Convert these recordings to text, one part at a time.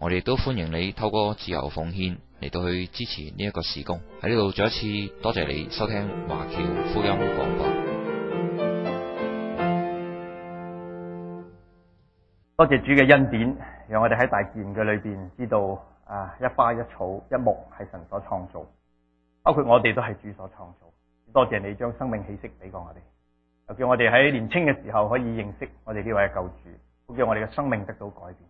我哋都歡迎你透過自由奉獻嚟到去支持呢一個事工。喺呢度再一次多謝你收聽華僑福音廣播。多謝主嘅恩典，讓我哋喺大自然嘅裏邊知道啊，一花一草一木係神所創造，包括我哋都係主所創造。多謝你將生命氣息俾過我哋，又叫我哋喺年輕嘅時候可以認識我哋呢位嘅救主，好叫我哋嘅生命得到改變。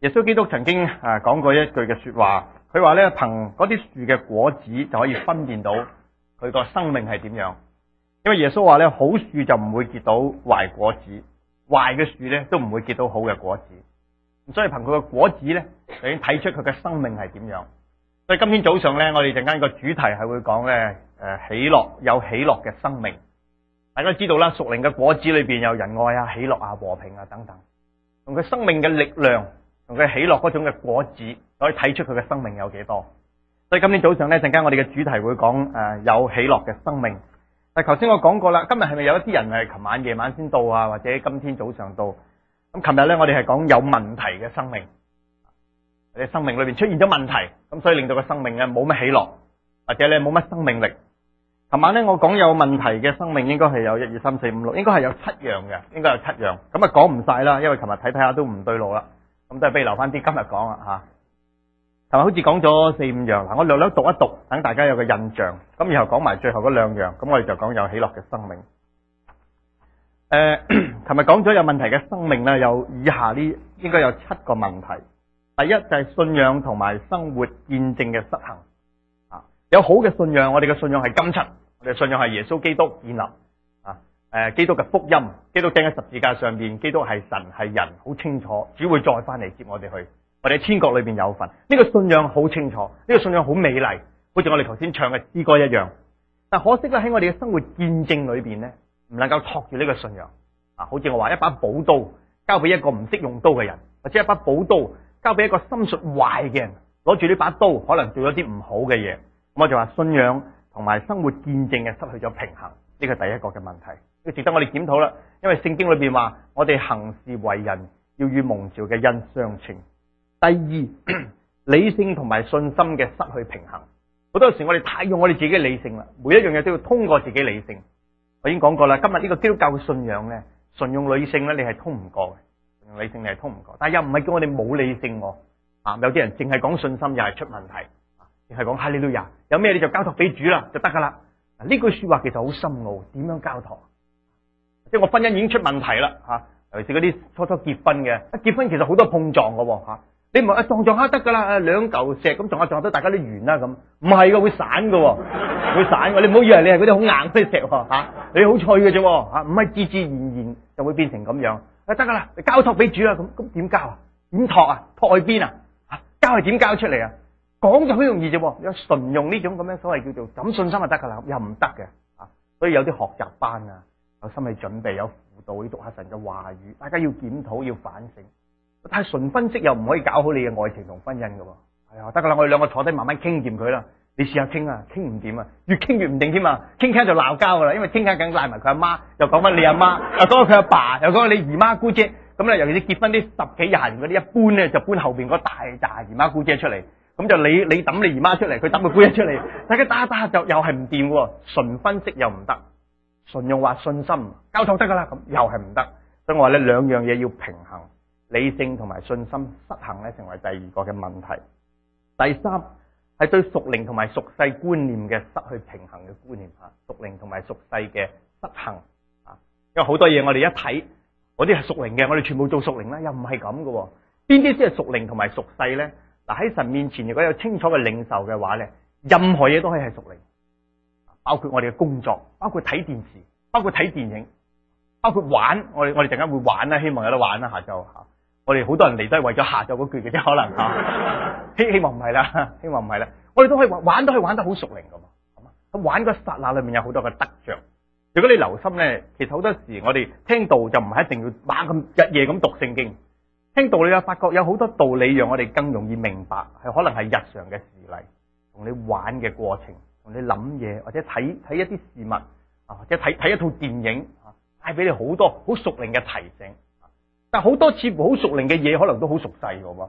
耶穌基督曾經啊講過一句嘅說話，佢話咧憑嗰啲樹嘅果子就可以分辨到佢個生命係點樣，因為耶穌話咧好樹就唔會結到壞果子，壞嘅樹咧都唔會結到好嘅果子，所以憑佢嘅果子咧，就已經睇出佢嘅生命係點樣。所以今天早上咧，我哋陣間個主題係會講咧誒喜樂有喜樂嘅生命。大家都知道啦，屬靈嘅果子裏邊有仁愛啊、喜樂啊、和平啊等等，同佢生命嘅力量。同佢喜樂嗰種嘅果子，可以睇出佢嘅生命有幾多。所以今日早上呢，陣間我哋嘅主題會講誒、呃、有喜樂嘅生命。誒，頭先我講過啦，今日係咪有一啲人係琴晚夜晚先到啊，或者今天早上到咁？琴日呢，我哋係講有問題嘅生命，或者生命裏面出現咗問題，咁所以令到個生命呢冇乜喜樂，或者呢冇乜生命力。琴晚呢，我講有問題嘅生命應該係有一二三四五六，應該係有七樣嘅，應該有七樣咁啊，講唔晒啦，因為琴日睇睇下都唔對路啦。咁都係俾留翻啲今日講啦吓，琴日好似講咗四五樣嗱，我略略讀一讀，等大家有個印象，咁然後講埋最後嗰兩樣，咁我哋就講有喜樂嘅生命。誒、呃，琴日講咗有問題嘅生命咧，有以下呢，應該有七個問題。第一就係信仰同埋生活見證嘅失衡。啊，有好嘅信仰，我哋嘅信仰係基督，我哋信仰係耶穌基督建立。.誒，基督嘅福音，基督釘喺十字架上邊，基督係神係人，好清楚，主會再翻嚟接我哋去，或者天國裏邊有份。呢個信仰好清楚，呢個信仰好美麗，好似我哋頭先唱嘅詩歌一樣。但可惜咧，喺我哋嘅生活見證裏邊咧，唔能夠托住呢個信仰。啊，好似我話一把寶刀，交俾一個唔識用刀嘅人，或者一把寶刀交俾一個心術壞嘅人，攞住呢把刀，可能做咗啲唔好嘅嘢。咁我就話信仰同埋生活見證嘅失去咗平衡，呢個第一個嘅問題。值得我哋檢討啦，因為聖經裏邊話我哋行事為人要與蒙召嘅恩相稱。第二 理性同埋信心嘅失去平衡，好多時我哋太用我哋自己理性啦，每一樣嘢都要通過自己理性。我已經講過啦，今日呢個基督教嘅信仰咧，純用理性咧，你係通唔過嘅，純用理性你係通唔過。但又唔係叫我哋冇理性，啊，有啲人淨係講信心又係出問題，淨係講哈利路亞有咩你就交託俾主啦就得噶啦。呢句說話其實好深奧，點樣交託？即係我婚姻已經出問題啦，吓，尤其是嗰啲初初結婚嘅，一結婚其實好多碰撞噶，吓，你唔係撞撞下得噶啦，兩嚿石咁撞下撞下大家都完啦咁，唔係嘅會散嘅，會散，會散，你唔好以為你係嗰啲好硬嗰啲石吓，你好脆嘅啫，吓，唔係自自然然就會變成咁樣，啊得噶啦，交託俾主啦，咁咁點交啊？點託啊？託去邊啊？交係點交出嚟啊？講就好容易啫，純用呢種咁樣所謂叫做咁信心就得噶啦，又唔得嘅，啊，所以有啲學習班啊。有心理準備，有輔導去讀客神嘅話語，大家要檢討，要反省。但係純分析又唔可以搞好你嘅愛情同婚姻㗎喎。係啊、哎，得㗎啦，我哋兩個坐低慢慢傾掂佢啦。你試下傾啊，傾唔掂啊，越傾越唔定添啊，傾傾就鬧交啦。因為傾傾緊，賴埋佢阿媽，又講翻你阿媽， 又講佢阿爸，又講你姨媽姑姐。咁咧，尤其是結婚啲十幾廿年嗰啲，一般咧就搬後邊嗰大紮姨媽姑姐出嚟，咁就你你揼你姨媽出嚟，佢揼佢姑姐出嚟，大家打打就又係唔掂喎，純分析又唔得。信用或信心交通得噶啦，咁又係唔得，所以我話咧兩樣嘢要平衡，理性同埋信心失衡咧，成為第二個嘅問題。第三係對屬靈同埋屬世觀念嘅失去平衡嘅觀念嚇，屬靈同埋屬世嘅失衡啊，因為好多嘢我哋一睇嗰啲係屬靈嘅，我哋全部做屬靈啦，又唔係咁嘅喎，邊啲先係屬靈同埋屬世咧？嗱，喺神面前如果有清楚嘅領受嘅話咧，任何嘢都可以係屬靈。包括我哋嘅工作，包括睇電視，包括睇電影，包括玩。我哋我哋陣間會玩,玩、啊啊、 啦，希望有得玩啦。下晝，我哋好多人嚟都係為咗下晝嗰句嘅啫，可能吓希希望唔係啦，希望唔係啦。我哋都可以玩，玩都係玩得好熟練噶嘛。咁、啊、玩個剎那裏面有好多嘅得着。如果你留心咧，其實好多時我哋聽道就唔係一定要猛咁日夜咁讀聖經，聽道你又發覺有好多道理讓我哋更容易明白，係可能係日常嘅事例，同你玩嘅過程。同你諗嘢，或者睇睇一啲事物啊，或者睇睇一套電影，帶俾你好多好屬靈嘅提醒。但好多似乎好屬靈嘅嘢，可能都熟悉好屬世嘅喎。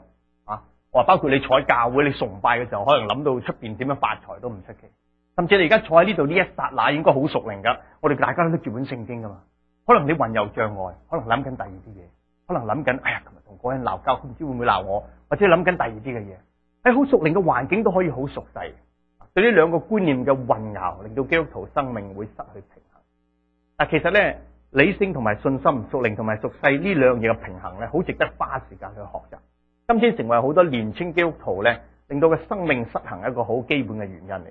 啊，我話包括你坐喺教會，你崇拜嘅時候，可能諗到出邊點樣發財都唔出奇。甚至你而家坐喺呢度呢一剎那，應該好屬靈噶。我哋大家都拎住本聖經噶嘛，可能你魂遊象外，可能諗緊第二啲嘢，可能諗緊哎呀，琴日同嗰人鬧交，唔知會唔會鬧我，或者諗緊第二啲嘅嘢。喺好屬靈嘅環境都可以好屬世。對呢兩個觀念嘅混淆，令到基督徒生命會失去平衡。嗱，其實咧，理性同埋信心、屬靈同埋屬世呢兩樣嘢嘅平衡咧，好值得花時間去學習。今天成為好多年青基督徒咧，令到個生命失衡一個好基本嘅原因嚟。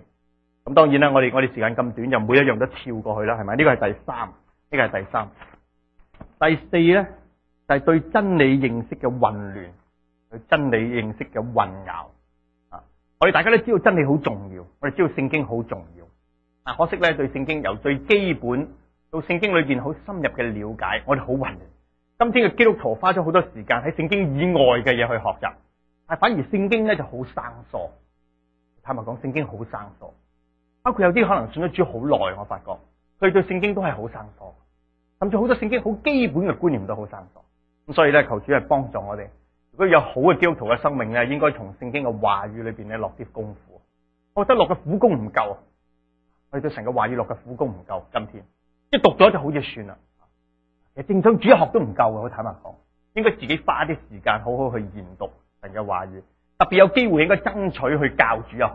咁當然啦，我哋我哋時間咁短，就每一樣都跳過去啦，係咪？呢個係第三，呢個係第三。第四咧就係對真理認識嘅混亂，對真理認識嘅混淆。我哋大家都知道真理好重要，我哋知道聖經好重要。但可惜咧，對聖經由最基本到聖經裏邊好深入嘅了解，我哋好混亂。今天嘅基督徒花咗好多時間喺聖經以外嘅嘢去學習，但反而聖經咧就好生疏。坦白講，聖經好生疏，包括有啲可能信咗主好耐，我發覺佢對聖經都係好生疏，甚至好多聖經好基本嘅觀念都好生疏。咁所以咧，求主係幫助我哋。如果有好嘅基督徒嘅生命咧，應該從聖經嘅話語裏邊咧落啲功夫。我覺得落嘅苦功唔夠，啊，我哋對成個話語落嘅苦功唔夠。今天即係讀咗就好似算啦。其實正想主日學都唔夠嘅，我坦白講，應該自己花啲時間好好去研讀神嘅話語。特別有機會應該爭取去教主日學。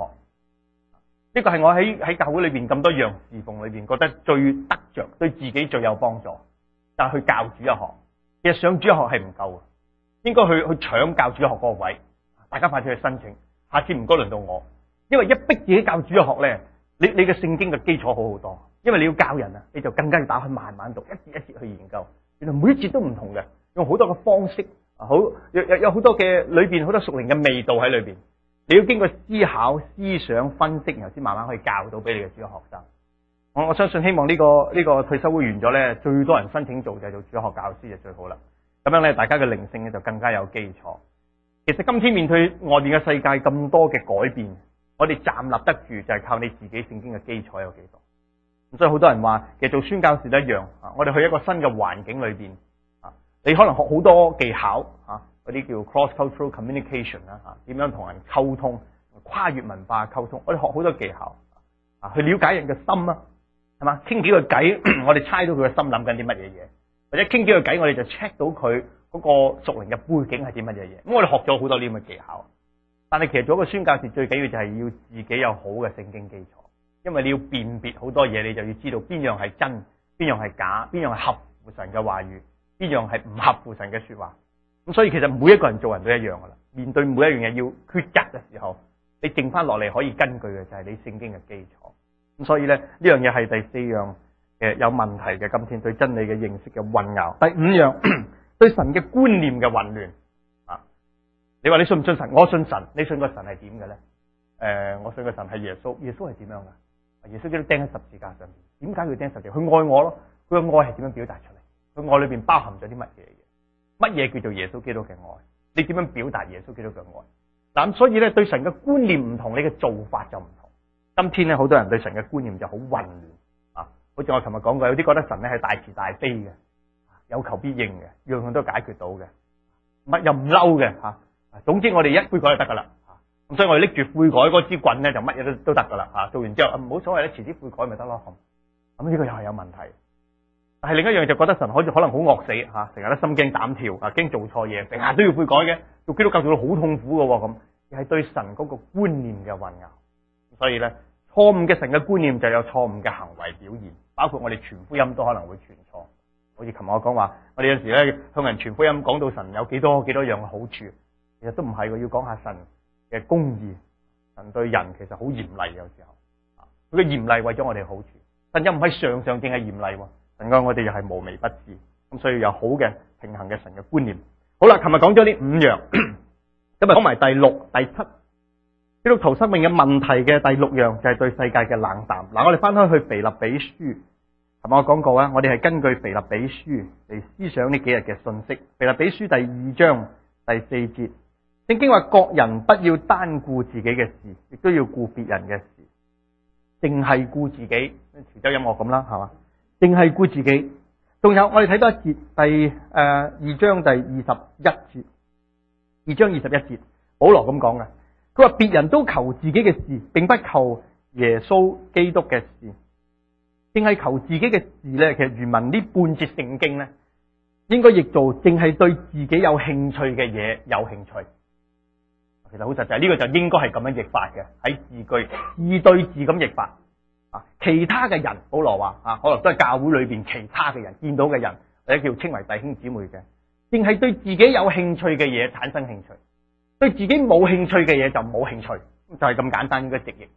呢個係我喺喺教會裏邊咁多樣侍奉裏邊覺得最得着，對自己最有幫助。但係去教主日學，其實上主日學係唔夠。應該去去搶教主學嗰個位，大家快啲去申請。下次唔該輪到我，因為一逼自己教主學呢，你你嘅聖經嘅基礎好好多，因為你要教人啊，你就更加要打開慢慢讀，一節一節去研究。原來每一節都唔同嘅，用好多嘅方式，好有好多嘅裏邊好多屬靈嘅味道喺裏邊。你要經過思考、思想、分析，然後先慢慢可以教到俾你嘅主學學生。我我相信，希望呢個呢個退修會完咗呢，最多人申請做就係做主學教師就最好啦。咁樣咧，大家嘅靈性咧就更加有基礎。其實今天面對外面嘅世界咁多嘅改變，我哋站立得住就係靠你自己聖經嘅基礎有幾多。所以好多人話，其實做宣教士都一樣。我哋去一個新嘅環境裏邊，啊，你可能學好多技巧嚇，嗰啲叫 cross cultural communication 啦嚇，點樣同人溝通、跨越文化溝通，我哋學好多技巧啊，去了解人嘅心啊，係嘛？傾幾個偈，我哋猜到佢嘅心諗緊啲乜嘢嘢。或者傾幾句偈，我哋就 check 到佢嗰個屬靈嘅背景係點乜嘢嘢。咁我哋學咗好多呢咁嘅技巧，但係其實做一個宣教士最緊要就係要自己有好嘅聖經基礎，因為你要辨別好多嘢，你就要知道邊樣係真，邊樣係假，邊樣係合乎神嘅話語，邊樣係唔合乎神嘅說話。咁所以其實每一個人做人都一樣噶啦，面對每一樣嘢要抉擇嘅時候，你剩翻落嚟可以根據嘅就係你聖經嘅基礎。咁所以咧呢樣嘢係第四樣。誒，有問題嘅，今天對真理嘅認識嘅混淆。第五樣， 對神嘅觀念嘅混亂啊！你話你信唔信神？我信神，你信個神係點嘅咧？誒、呃，我信個神係耶穌，耶穌係點樣啊？耶穌基督釘喺十字架上面。點解要釘十字架？佢愛我咯，佢嘅愛係點樣表達出嚟？佢愛裏邊包含咗啲乜嘢嘅？乜嘢叫做耶穌基督嘅愛？你點樣表達耶穌基督嘅愛？嗱咁，所以咧對神嘅觀念唔同，你嘅做法就唔同。今天咧好多人對神嘅觀念就好混亂。好似我琴日講過，有啲覺得神咧係大慈大悲嘅，有求必應嘅，樣樣都解決到嘅，乜又唔嬲嘅吓。總之我哋一悔改就得噶啦。咁所以我哋拎住悔改嗰支棍咧，就乜嘢都都得噶啦吓。做完之後唔好所謂咧，遲啲悔改咪得咯咁。咁呢個又係有問題，但係另一樣就覺得神可可能好惡死吓，成日都心驚膽跳啊，驚做錯嘢，成日都要悔改嘅。做基督教做到好痛苦噶咁，係對神嗰個觀念嘅混淆。所以咧，錯誤嘅神嘅觀念就有錯誤嘅行為表現。包括我哋傳福音都可能會傳錯，好似琴日我講話，我哋有時咧向人傳福音，講到神有幾多幾多樣嘅好處，其實都唔係嘅，要講下神嘅公義，神對人其實好嚴厲有時候，佢嘅嚴厲為咗我哋好處，神又唔係常常淨係嚴厲，神講我哋又係無微不至，咁所以有好嘅平衡嘅神嘅觀念。好啦，琴日講咗呢五樣，今日講埋第六、第七，基督徒生命嘅問題嘅第六樣就係、是、對世界嘅冷淡。嗱，我哋翻開去腓立比書。係我講過啊？我哋係根據腓立比書嚟思想呢幾日嘅信息。腓立比書第二章第四節，聖經話：各人不要單顧自己嘅事，亦都要顧別人嘅事。淨係顧自己，潮州音樂咁啦，係嘛？淨係顧自己。仲有我哋睇多一節，第誒二章第二十一節。二章二十一節，保羅咁講嘅，佢話別人都求自己嘅事，並不求耶穌基督嘅事。淨係求自己嘅事呢。其實原文呢半截聖經呢，應該譯做淨係對自己有興趣嘅嘢有興趣。其實好實際，呢、這個就應該係咁樣譯法嘅。喺字句二對字咁譯法啊，其他嘅人，保羅話啊，可能都係教會裏邊其他嘅人見到嘅人，或者叫稱為弟兄姊妹嘅，淨係對自己有興趣嘅嘢產生興趣，對自己冇興趣嘅嘢就冇興趣，就係、是、咁簡單應該直譯。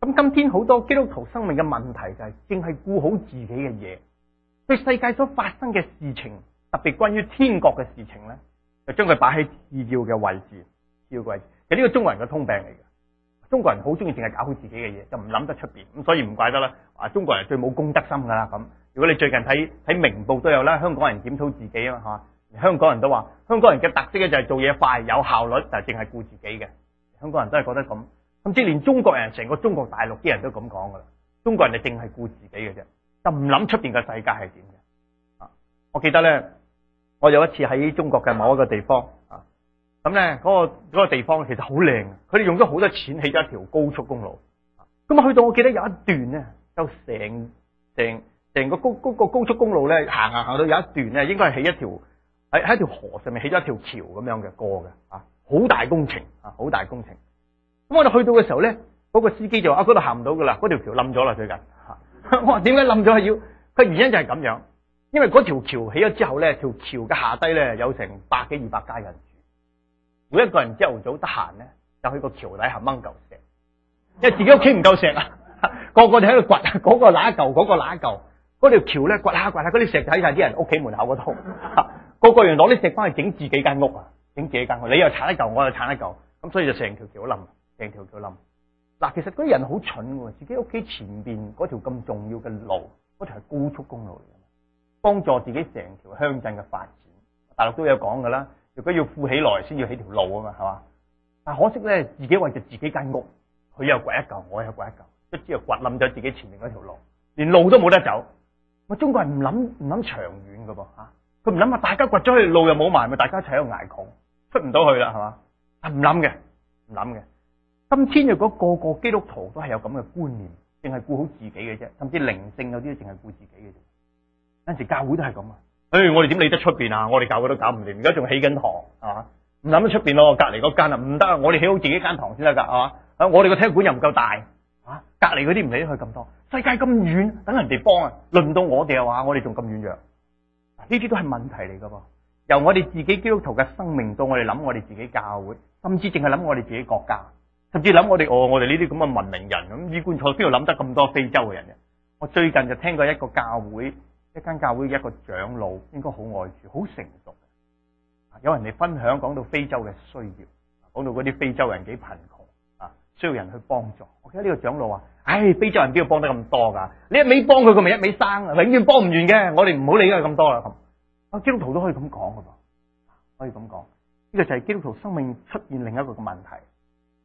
咁今天好多基督徒生命嘅問題就係淨係顧好自己嘅嘢，對世界所發生嘅事情，特別關於天國嘅事情咧，就將佢擺喺次要嘅位置，次要位置。其實呢個中國人嘅通病嚟嘅，中國人好中意淨係搞好自己嘅嘢，就唔諗得出面。咁所以唔怪得啦，啊中國人最冇公德心噶啦咁。如果你最近睇睇明報都有啦，香港人檢討自己啊吓，香港人都話香港人嘅特色咧就係做嘢快有效率，就係淨係顧自己嘅，香港人都係覺得咁。甚至連中國人成個中國大陸啲人都咁講噶啦，中國人哋淨係顧自己嘅啫，就唔諗出邊嘅世界係點嘅。啊，我記得咧，我有一次喺中國嘅某一個地方啊，咁咧嗰個嗰個地方其實好靚，佢哋用咗好多錢起咗一條高速公路。咁啊，去到我記得有一段咧，就成成成個高個高速公路咧行行行到有一段咧，應該係起一條喺喺條河上面起咗一條橋咁樣嘅過嘅啊，好大工程啊，好大工程。咁我哋去到嘅時候咧，嗰、嗰個司機就話：啊，嗰度行唔到噶啦，嗰條橋冧咗啦！最近， 我話點解冧咗？係要佢原因就係咁樣，因為嗰條橋起咗之後咧，條橋嘅下低咧有成百幾二百家人住，每一個人朝頭早得閒咧就去個橋底下掹嚿石，因為自己屋企唔夠石、那個那個、刮啊，刮啊，個個就喺度掘，嗰個乸一嚿，嗰個乸一嚿，嗰條橋咧掘下掘下，嗰啲石喺晒啲人屋企門口嗰度， 個個要攞啲石翻去整自己間屋啊，整自己間屋，你又鏟一嚿，我又鏟一嚿，咁所以就成條橋都冧。成條橋冧，嗱其實嗰啲人好蠢嘅，自己屋企前邊嗰條咁重要嘅路，嗰條係高速公路嚟嘅嘛，幫助自己成條鄉鎮嘅發展。大陸都有講㗎啦，如果要富起來，先要起條路啊嘛，係嘛？但可惜咧，自己為住自己間屋，佢又掘一嚿，我又掘一嚿，一朝掘冧咗自己前面嗰條路，連路都冇得走。我中國人唔諗唔諗長遠㗎噃吓，佢唔諗啊！大家掘咗，去路又冇埋，咪大家一齊喺度挨窮，出唔到去啦，係嘛？唔諗嘅，唔諗嘅。今天如果個個基督徒都係有咁嘅觀念，淨係顧好自己嘅啫，甚至靈性有啲都淨係顧自己嘅。有陣時教會都係咁啊！唉、欸，我哋點理得出邊啊？我哋教會都搞唔掂，而家仲起緊堂啊，唔諗得出邊咯，隔離嗰間啊，唔得啊！我哋起好自己間堂先得㗎啊！我哋個體育館又唔夠大啊！隔離嗰啲唔理得佢咁多，世界咁遠，等人哋幫啊！輪到我哋嘅話，我哋仲咁軟弱，呢啲都係問題嚟噶噃。由我哋自己基督徒嘅生命到我哋諗我哋自己教會，甚至淨係諗我哋自己國家。甚至諗我哋哦，我哋呢啲咁嘅文明人咁衣冠楚楚，邊度諗得咁多非洲嘅人啫？我最近就聽過一個教會，一間教會一個長老，應該好愛主、好成熟。有人嚟分享，講到非洲嘅需要，講到嗰啲非洲人幾貧窮啊，需要人去幫助。我記得呢個長老話：唉，非洲人邊度幫得咁多噶？你一味幫佢，佢咪一味生，永遠幫唔完嘅。我哋唔好理佢咁多啦。咁基督徒都可以咁講噶噃，可以咁講。呢個就係基督徒生命出現另一個嘅問題。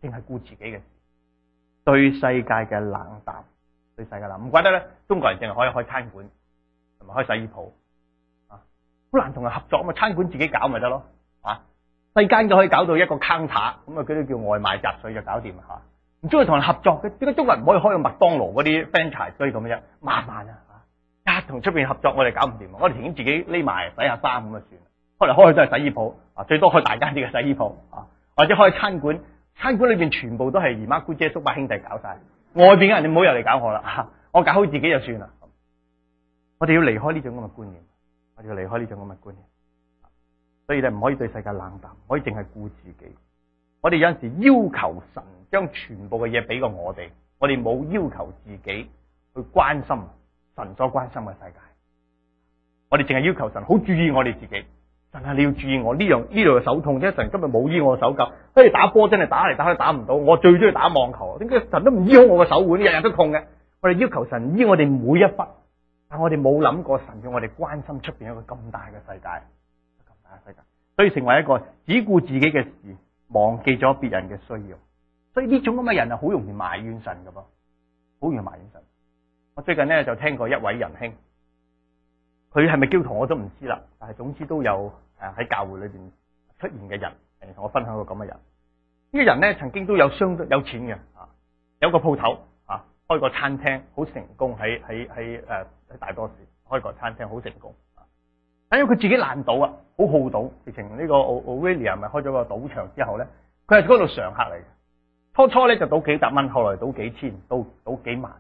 淨係顧自己嘅事，對世界嘅冷淡，對世界冷，唔怪得咧，中國人淨係可以開餐館，同埋開洗衣鋪，好難同人合作啊嘛！餐館自己搞咪得咯，啊！細間就可以搞到一個坑 o 咁啊，佢都叫外賣雜碎就搞掂啦嚇。唔中意同人合作嘅，點解中國人唔可以開麥當勞嗰啲 v e n t u 咁啫？慢慢啊嚇！同出邊合作，我哋搞唔掂，我哋寧願自己匿埋洗下衫咁就算。可能開去都係洗衣鋪，啊最多開大間啲嘅洗衣鋪啊，或者開餐館，餐館裏邊全部都係姨媽姑姐叔伯兄弟搞晒，外邊嘅人你唔好又嚟搞我啦吓，我搞好自己就算啦。我哋要離開呢種咁嘅觀念，我哋要離開呢種咁嘅觀念。所以咧唔可以對世界冷淡，可以淨係顧自己。我哋有陣時要求神將全部嘅嘢俾過我哋，我哋冇要求自己去關心神所關心嘅世界。我哋淨係要求神好注意我哋自己。但係、啊、你要注意我呢樣，呢度嘅手痛，即神今日冇醫我手，所以打波真係打嚟，打去打唔到，我最中意打網球，點解神都唔醫好我嘅手腕？日日都痛嘅。我哋要求神醫我哋每一筆，但我哋冇諗過神要我哋關心出邊一個咁大嘅世界，咁大嘅世界。所以成為一個只顧自己嘅事，忘記咗別人嘅需要，所以呢種咁嘅人係好容易埋怨神嘅噃，好容易埋怨神。我最近呢就聽過一位仁兄。佢係咪教徒我都唔知啦，但係總之都有誒喺教會裏邊出現嘅人誒，同我分享過個咁嘅人。呢個人咧曾經都有相當有錢嘅嚇，有個鋪頭嚇，開個餐廳好成功，喺喺喺誒喺大多市開個餐廳好成功。但因為佢自己爛賭啊，好好賭，直情呢個奧奧威利亞咪開咗個賭場之後咧，佢係嗰度常客嚟嘅。初初咧就賭幾百蚊，後來賭幾千，賭賭幾萬，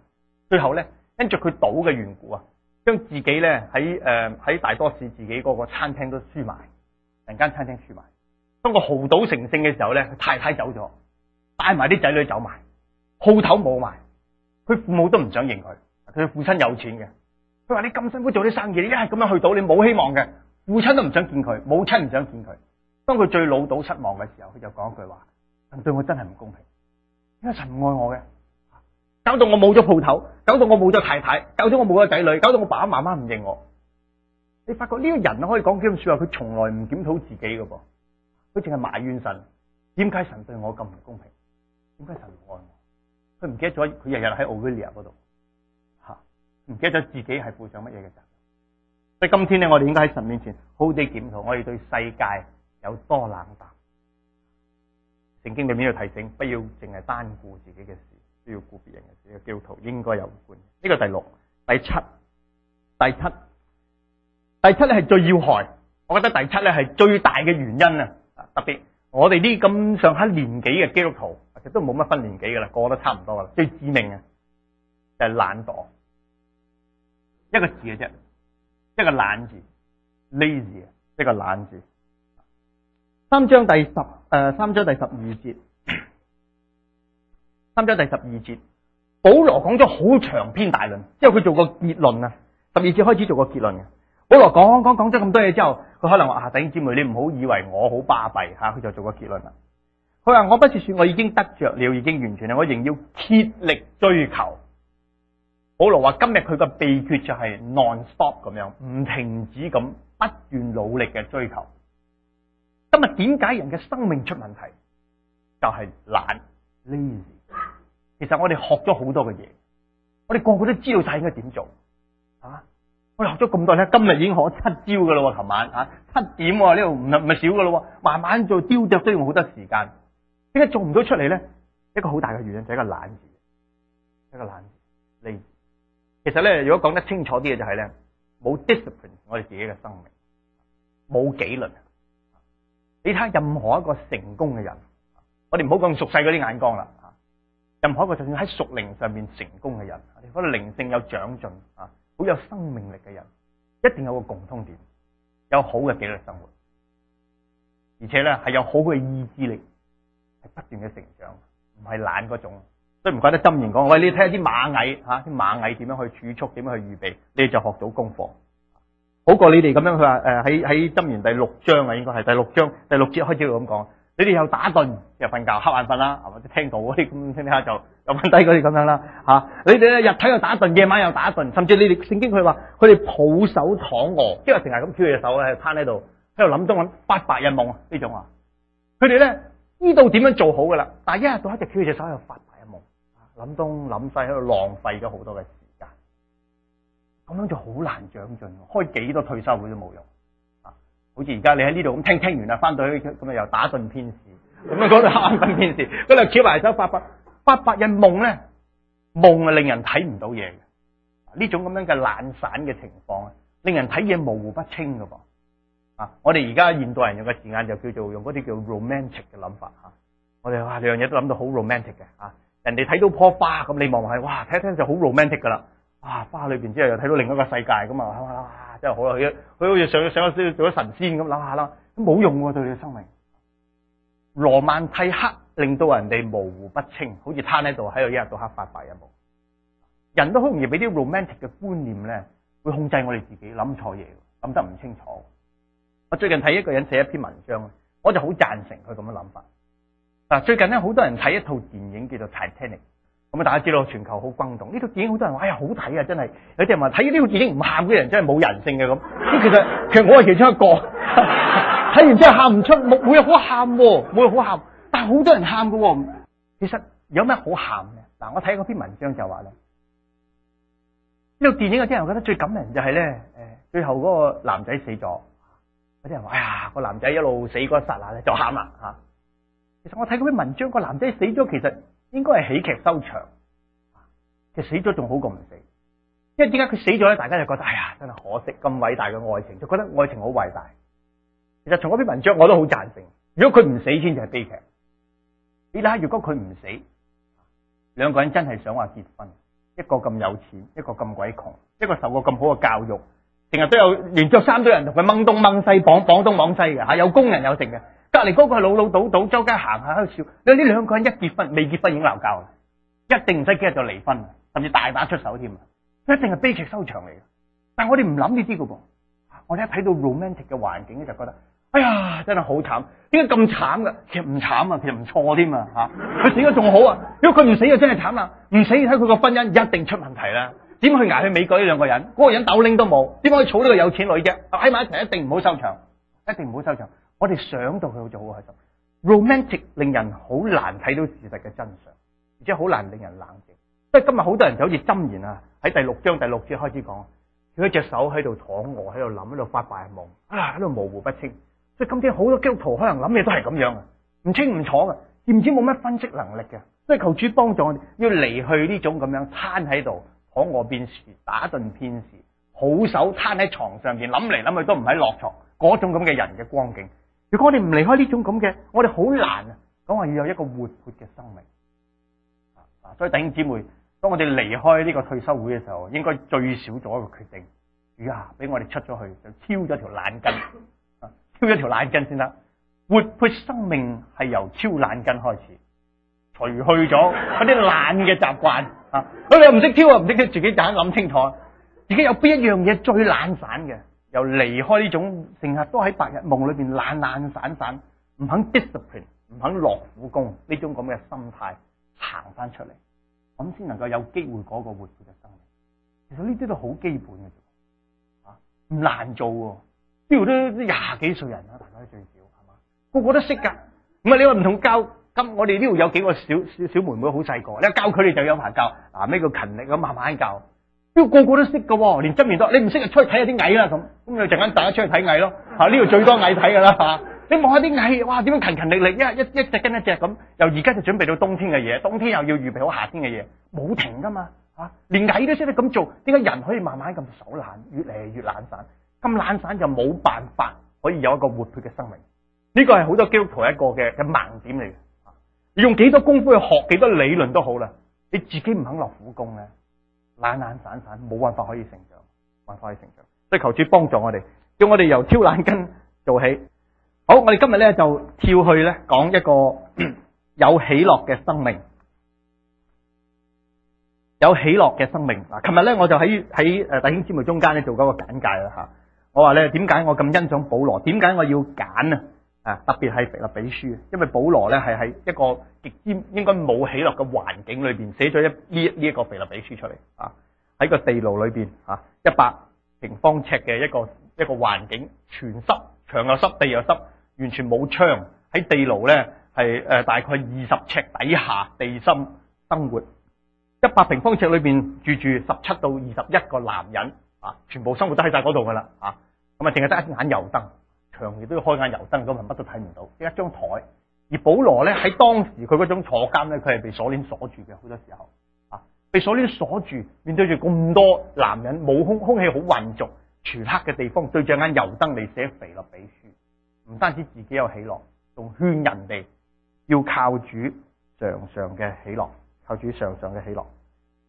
最後咧跟住佢賭嘅緣故啊！將自己咧喺誒喺大多市自己嗰個餐廳都輸埋，成間餐廳輸埋。當佢豪賭成性嘅時候咧，太太走咗，帶埋啲仔女走埋，鋪頭冇埋。佢父母都唔想認佢，佢父親有錢嘅，佢話你咁辛苦做啲生意，你一係咁樣去到，你冇希望嘅。父親都唔想見佢，母親唔想見佢。當佢最老賭失望嘅時候，佢就講一句話：，神對我真係唔公平，因神唔愛我嘅。搞到我冇咗鋪頭，搞到我冇咗太太，搞到我冇咗仔女，搞到我爸爸媽媽唔認我。你發覺呢個人可以講幾咁說話，佢從來唔檢討自己噶噃，佢淨係埋怨神。點解神對我咁唔公平？點解神唔愛我？佢唔記得咗佢日日喺 Australia 嗰度，吓唔記得咗自己係負上乜嘢嘅責任。所以今天咧，我哋應該喺神面前好地檢討，我哋對世界有多冷淡。聖經裏面有提醒，不要淨係單顧自己嘅事。都要顧別人嘅。呢個基督徒應該有關呢個第六、第七、第七、第七咧係最要害。我覺得第七咧係最大嘅原因啊！特別我哋啲咁上下年紀嘅基督徒，其實都冇乜分年紀噶啦，個個都差唔多噶啦。最致命啊，就係懶惰，一個字嘅啫，一個懶字 （lazy） 一個懶字。三章第十誒，三章第十二節。三章第十二節，保羅講咗好長篇大論，之後佢做個結論啊。十二節開始做個結論嘅，保羅講講講咗咁多嘢之後，佢可能話：，下、啊、弟姊妹你唔好以為我好巴閉吓，佢就做個結論啦。佢話我不是說我已經得着了，已經完全啦，我仍要竭力追求。保羅話今日佢嘅秘訣就係 non stop 咁樣，唔停止咁不斷努力嘅追求。今日點解人嘅生命出問題，就係、是、懶 lazy 其實我哋學咗好多嘅嘢，我哋個個都知道晒應該點做啊！我哋學咗咁多咧，今日已經學咗七招噶啦，琴晚啊七點呢度唔係唔係少噶啦，慢慢做雕琢都要好多時間，點解做唔到出嚟咧？一個好大嘅原因就係一個懶字，一個懶字嚟。其實咧，如果講得清楚啲嘅就係、是、咧，冇 discipline 我哋自己嘅生命，冇紀律。你睇任何一個成功嘅人，我哋唔好咁用俗世嗰啲眼光啦。任何一個就算喺屬靈上面成功嘅人，嗰個靈性有長進啊，好有生命力嘅人，一定有一個共通點，有好嘅紀律生活，而且咧係有好嘅意志力，係不斷嘅成長，唔係懶嗰種，所以唔怪得箴言講，喂，你睇下啲螞蟻吓，啲螞蟻點樣去儲蓄，點樣去預備，你就學到功課，好過你哋咁樣，佢話誒，喺喺箴言第六章啊，應該係第六章第六節開始會咁講。你哋又打盹又瞓覺，瞌眼瞓啦，係或者聽到嗰啲咁聽下就又瞓低嗰啲咁樣啦，吓、啊！你哋咧日頭又打盹，夜晚又打盹，甚至你哋聖經佢話佢哋抱手躺臥，即係成日咁翹住隻手喺度攤喺度，喺度諗東諗，發白日夢啊呢種啊！佢哋咧知道點樣做好噶啦，但係一到一度翹住隻手喺度發白日夢，諗東諗西喺度浪費咗好多嘅時間，咁樣就好難長進，開幾多退修會都冇用。好似而家你喺呢度咁聽聽完啦，翻到去咁啊又打盹偏視，咁啊嗰度瞌眼瞓偏視，咁啊翹埋手發白發白一夢咧，夢啊令人睇唔到嘢嘅，呢種咁樣嘅懶散嘅情況啊，令人睇嘢模糊不清噶噃啊！我哋而家現代人用嘅字眼就叫做用嗰啲叫 romantic 嘅諗法吓，我哋哇兩樣嘢都諗到好 romantic 嘅吓，人哋睇到棵花咁，你望望係哇睇睇就好 romantic 噶啦。啊，花裏邊之後又睇到另一個世界咁啊！真係好啦，佢佢好似上上咗仙，做咗神仙咁諗下啦，都、啊、冇、啊啊啊啊、用㗎、啊、對你嘅生命。羅曼蒂克令到人哋模糊不清，好似攤喺度喺度一日到黑發白日夢。人都好容易俾啲 romantic 嘅觀念咧，會控制我哋自己諗錯嘢，諗得唔清楚。我最近睇一個人寫一篇文章咧，我就好贊成佢咁樣諗法。嗱，最近咧好多人睇一套電影叫做 Titanic。咁啊！大家知道全球好轟動呢套電影、哎，好多人話：哎呀，好睇啊！真係有啲人話睇呢套電影唔喊嘅人真係冇人性嘅咁。其實其實我係其中一個。睇完真係喊唔出，冇冇有好喊喎、啊，冇有好喊、啊。但係好多人喊嘅、啊。其實有咩好喊咧？嗱，我睇嗰篇文章就話咧，呢套電影有啲人我覺得最感人就係咧，誒，最後嗰個男仔死咗，有啲人話：哎呀，個男仔一路死嗰剎那咧就喊啦吓。其實我睇嗰篇文章，個男仔死咗，其實。應該係喜劇收場，其實死咗仲好過唔死，因為點解佢死咗咧？大家就覺得哎呀，真係可惜，咁偉大嘅愛情，就覺得愛情好偉大。其實從嗰篇文章我都好贊成，如果佢唔死先至係悲劇。你睇下，如果佢唔死，兩個人真係想話結婚，一個咁有錢，一個咁鬼窮，一個受過咁好嘅教育，成日都有連着三堆人同佢掹東掹西，綁綁東綁西嘅吓，有工人有剩嘅。隔籬嗰個係老老賭賭，周街行下喺度笑。你話呢兩個人一結婚未結婚已經鬧交啦，一定唔使幾日就離婚，甚至大打出手添。一定係悲劇收場嚟嘅。但係我哋唔諗呢啲噶噃。我哋一睇到 romantic 嘅環境咧，就覺得哎呀，真係好慘。點解咁慘噶？其實唔慘啊，其實唔錯添啊。吓，佢死咗仲好啊。如果佢唔死，就真係慘啦。唔死睇佢個婚姻一定出問題啦。點去捱去美國呢兩個人？嗰個人斗零都冇，點可以娶呢個有錢女啫？喺、啊、埋一齊一定唔好收場，一定唔好收場。我哋想到佢，好似好開心。Romantic 令人好難睇到事實嘅真相，而且好難令人冷靜。即係今日好多人就好似箴言啊，喺第六章第六節開始講，佢一隻手喺度躺臥，喺度諗，喺度發大夢，啊喺度模糊不清。即係今天好多基督徒可能諗嘢都係咁樣啊，唔清唔楚啊，唔知冇乜分析能力嘅。即係求主幫助我哋，要離去呢種咁樣攤喺度躺臥，變時打盹，片時好手攤喺床上邊諗嚟諗去都唔喺落床。嗰種咁嘅人嘅光景。如果我哋唔離開呢種咁嘅，我哋好難啊！講話要有一個活潑嘅生命啊！所以弟兄姊妹，當我哋離開呢個退休會嘅時候，應該最少做一個決定。哎、呀，俾我哋出咗去，就挑咗條懶筋，挑咗條懶筋先得。活潑生命係由挑懶筋開始，除去咗嗰啲懶嘅習慣啊！咁你 又唔識挑啊？唔識嘅自己就喺諗清楚，自己有邊一樣嘢最懶散嘅？又離開呢種，成日都喺白日夢裏邊懶懶散散，唔肯 discipline，唔肯落苦功呢種咁嘅心態行翻出嚟，咁先能夠有機會嗰個活潑嘅生命。其實呢啲都好基本嘅啫，嚇唔難做喎。呢度都廿幾歲人啦，大家都最少係嘛，個個都識㗎。唔係，你話唔同教，咁我哋呢度有幾個小小，小妹妹好細個，你教佢哋就有排教，嗱，咩叫勤力咁慢慢教。邊個，個個都識噶，連針面都，你唔識就出去睇下啲蟻啦咁。咁你陣間大家出去睇蟻咯，吓，呢度最多蟻睇噶啦，吓、啊。你望下啲蟻，哇，點樣勤勤力力，一一一隻跟一隻咁。由而家就準備到冬天嘅嘢，冬天又要預備好夏天嘅嘢，冇停噶嘛，吓、啊。連蟻都識得咁做，點解人可以慢慢咁手懶，越嚟越懶散？咁懶散就冇辦法可以有一個活潑嘅生命。呢、這個係好多基督徒一個嘅嘅盲點嚟嘅。你、啊、用幾多功夫去學幾多理論都好啦，你自己唔肯落苦功咧。啊懶懶散散，冇辦法可以成長，冇辦法可以成長，所以求主幫助我哋，叫我哋由挑懶根做起。好，我哋今日咧就跳去咧講一個 有喜樂嘅生命，有喜樂嘅生命。嗱，琴日咧我就喺喺誒弟兄姊妹中間咧做咗個簡介啦吓，我話咧點解我咁欣賞保羅，點解我要揀啊？啊！特別係腓立比書，因為保羅咧係喺一個極尖應該冇喜樂嘅環境裏邊寫咗一呢呢一個腓立比書出嚟啊！喺個地牢裏邊嚇，一百平方尺嘅一個一個環境，全濕，牆又濕，地又濕，完全冇窗喺地牢咧，係誒大概二十尺底下地心生活。一百平方尺裏邊住住十七到二十一個男人啊，全部生活都喺晒嗰度噶啦啊！咁啊，淨係得一眼油燈。長期都要開眼油燈，咁乜都睇唔到，一張台。而保羅咧喺當時佢嗰種坐監咧，佢係被鎖鏈鎖住嘅，好多時候啊，被鎖鏈鎖住，面對住咁多男人，冇空空氣好混濁、全黑嘅地方，對住眼油燈嚟寫腓立比書，唔單止自己有喜樂，仲勸人哋要靠主上上嘅喜樂，靠主上上嘅喜樂。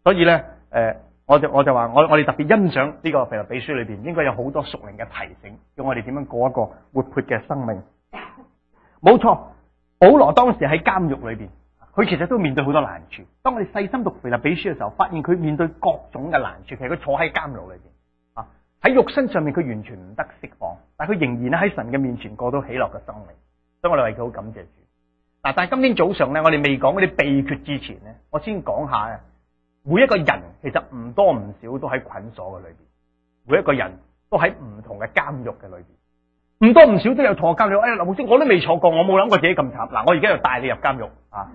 所以咧，誒、呃。我就我就話我我哋特別欣賞呢個腓立比書裏邊應該有好多屬靈嘅提醒，叫我哋點樣過一個活潑嘅生命。冇錯，保羅當時喺監獄裏邊，佢其實都面對好多難處。當我哋細心讀腓立比書嘅時候，發現佢面對各種嘅難處，其實佢坐喺監獄裏邊啊，喺肉身上面佢完全唔得釋放，但係佢仍然咧喺神嘅面前過到喜樂嘅生命。所以我哋為佢好感謝主。嗱，但係今天早上咧，我哋未講嗰啲秘訣之前咧，我先講下嘅。每一個人其實唔多唔少都喺捆鎖嘅裏邊，每一個人都喺唔同嘅監獄嘅裏邊，唔多唔少都有坐監。你話，哎呀，劉先生，我都未坐過，我冇諗過自己咁慘。嗱，我而家就帶你入監獄啊！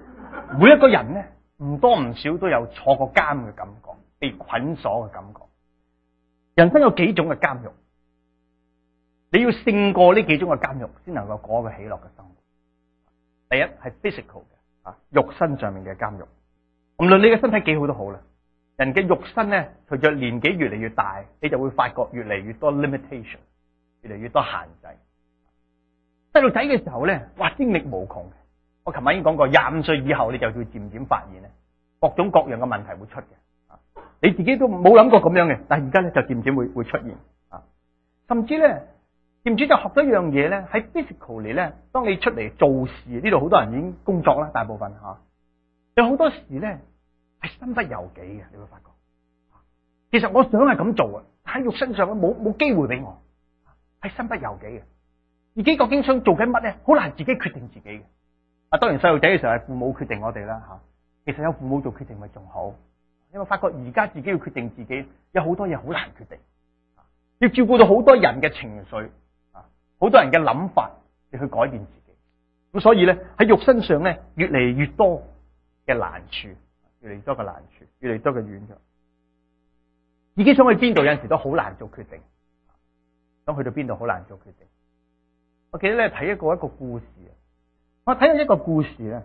每一個人呢，唔多唔少都有坐過監嘅感覺，被捆鎖嘅感覺。人生有幾種嘅監獄，你要勝過呢幾種嘅監獄，先能夠過一個喜樂嘅生活。第一係 physical 嘅啊，肉身上面嘅監獄。無論你嘅身體幾好都好啦，人嘅肉身咧，隨着年紀越嚟越大，你就會發覺越嚟越多 limitation，越嚟越多限制。細路仔嘅時候咧，哇，精力無窮。我琴晚已經講過，廿五歲以後你就會漸漸發現咧，各種各樣嘅問題會出嘅。你自己都冇諗過咁樣嘅，但係而家咧就漸漸會會出現。啊，甚至咧，點知就學咗一樣嘢咧，喺 physically 咧，當你出嚟做事，呢度好多人已經工作啦，大部分吓。有好多時咧係身不由己嘅，你會發覺其實我想係咁做啊，喺肉身上冇冇機會俾我係身不由己嘅。自己究竟想做緊乜咧，好難自己決定自己。啊,當然細路仔嘅時候係父母決定我哋啦吓。其實有父母做決定咪仲好，啊，因為發覺而家自己要決定自己，有好多嘢好難決定，啊，要照顧到好多人嘅情緒，啊，好多人嘅諗法，啊，要去改變自己。咁所以咧喺肉身上咧越嚟越多，嘅難處，越嚟越多嘅難處，越嚟越多嘅軟弱，自己想去邊度，有陣時都好難做決定，咁去到邊度好難做決定。我記得咧睇過一個故事，我睇到一個故事咧，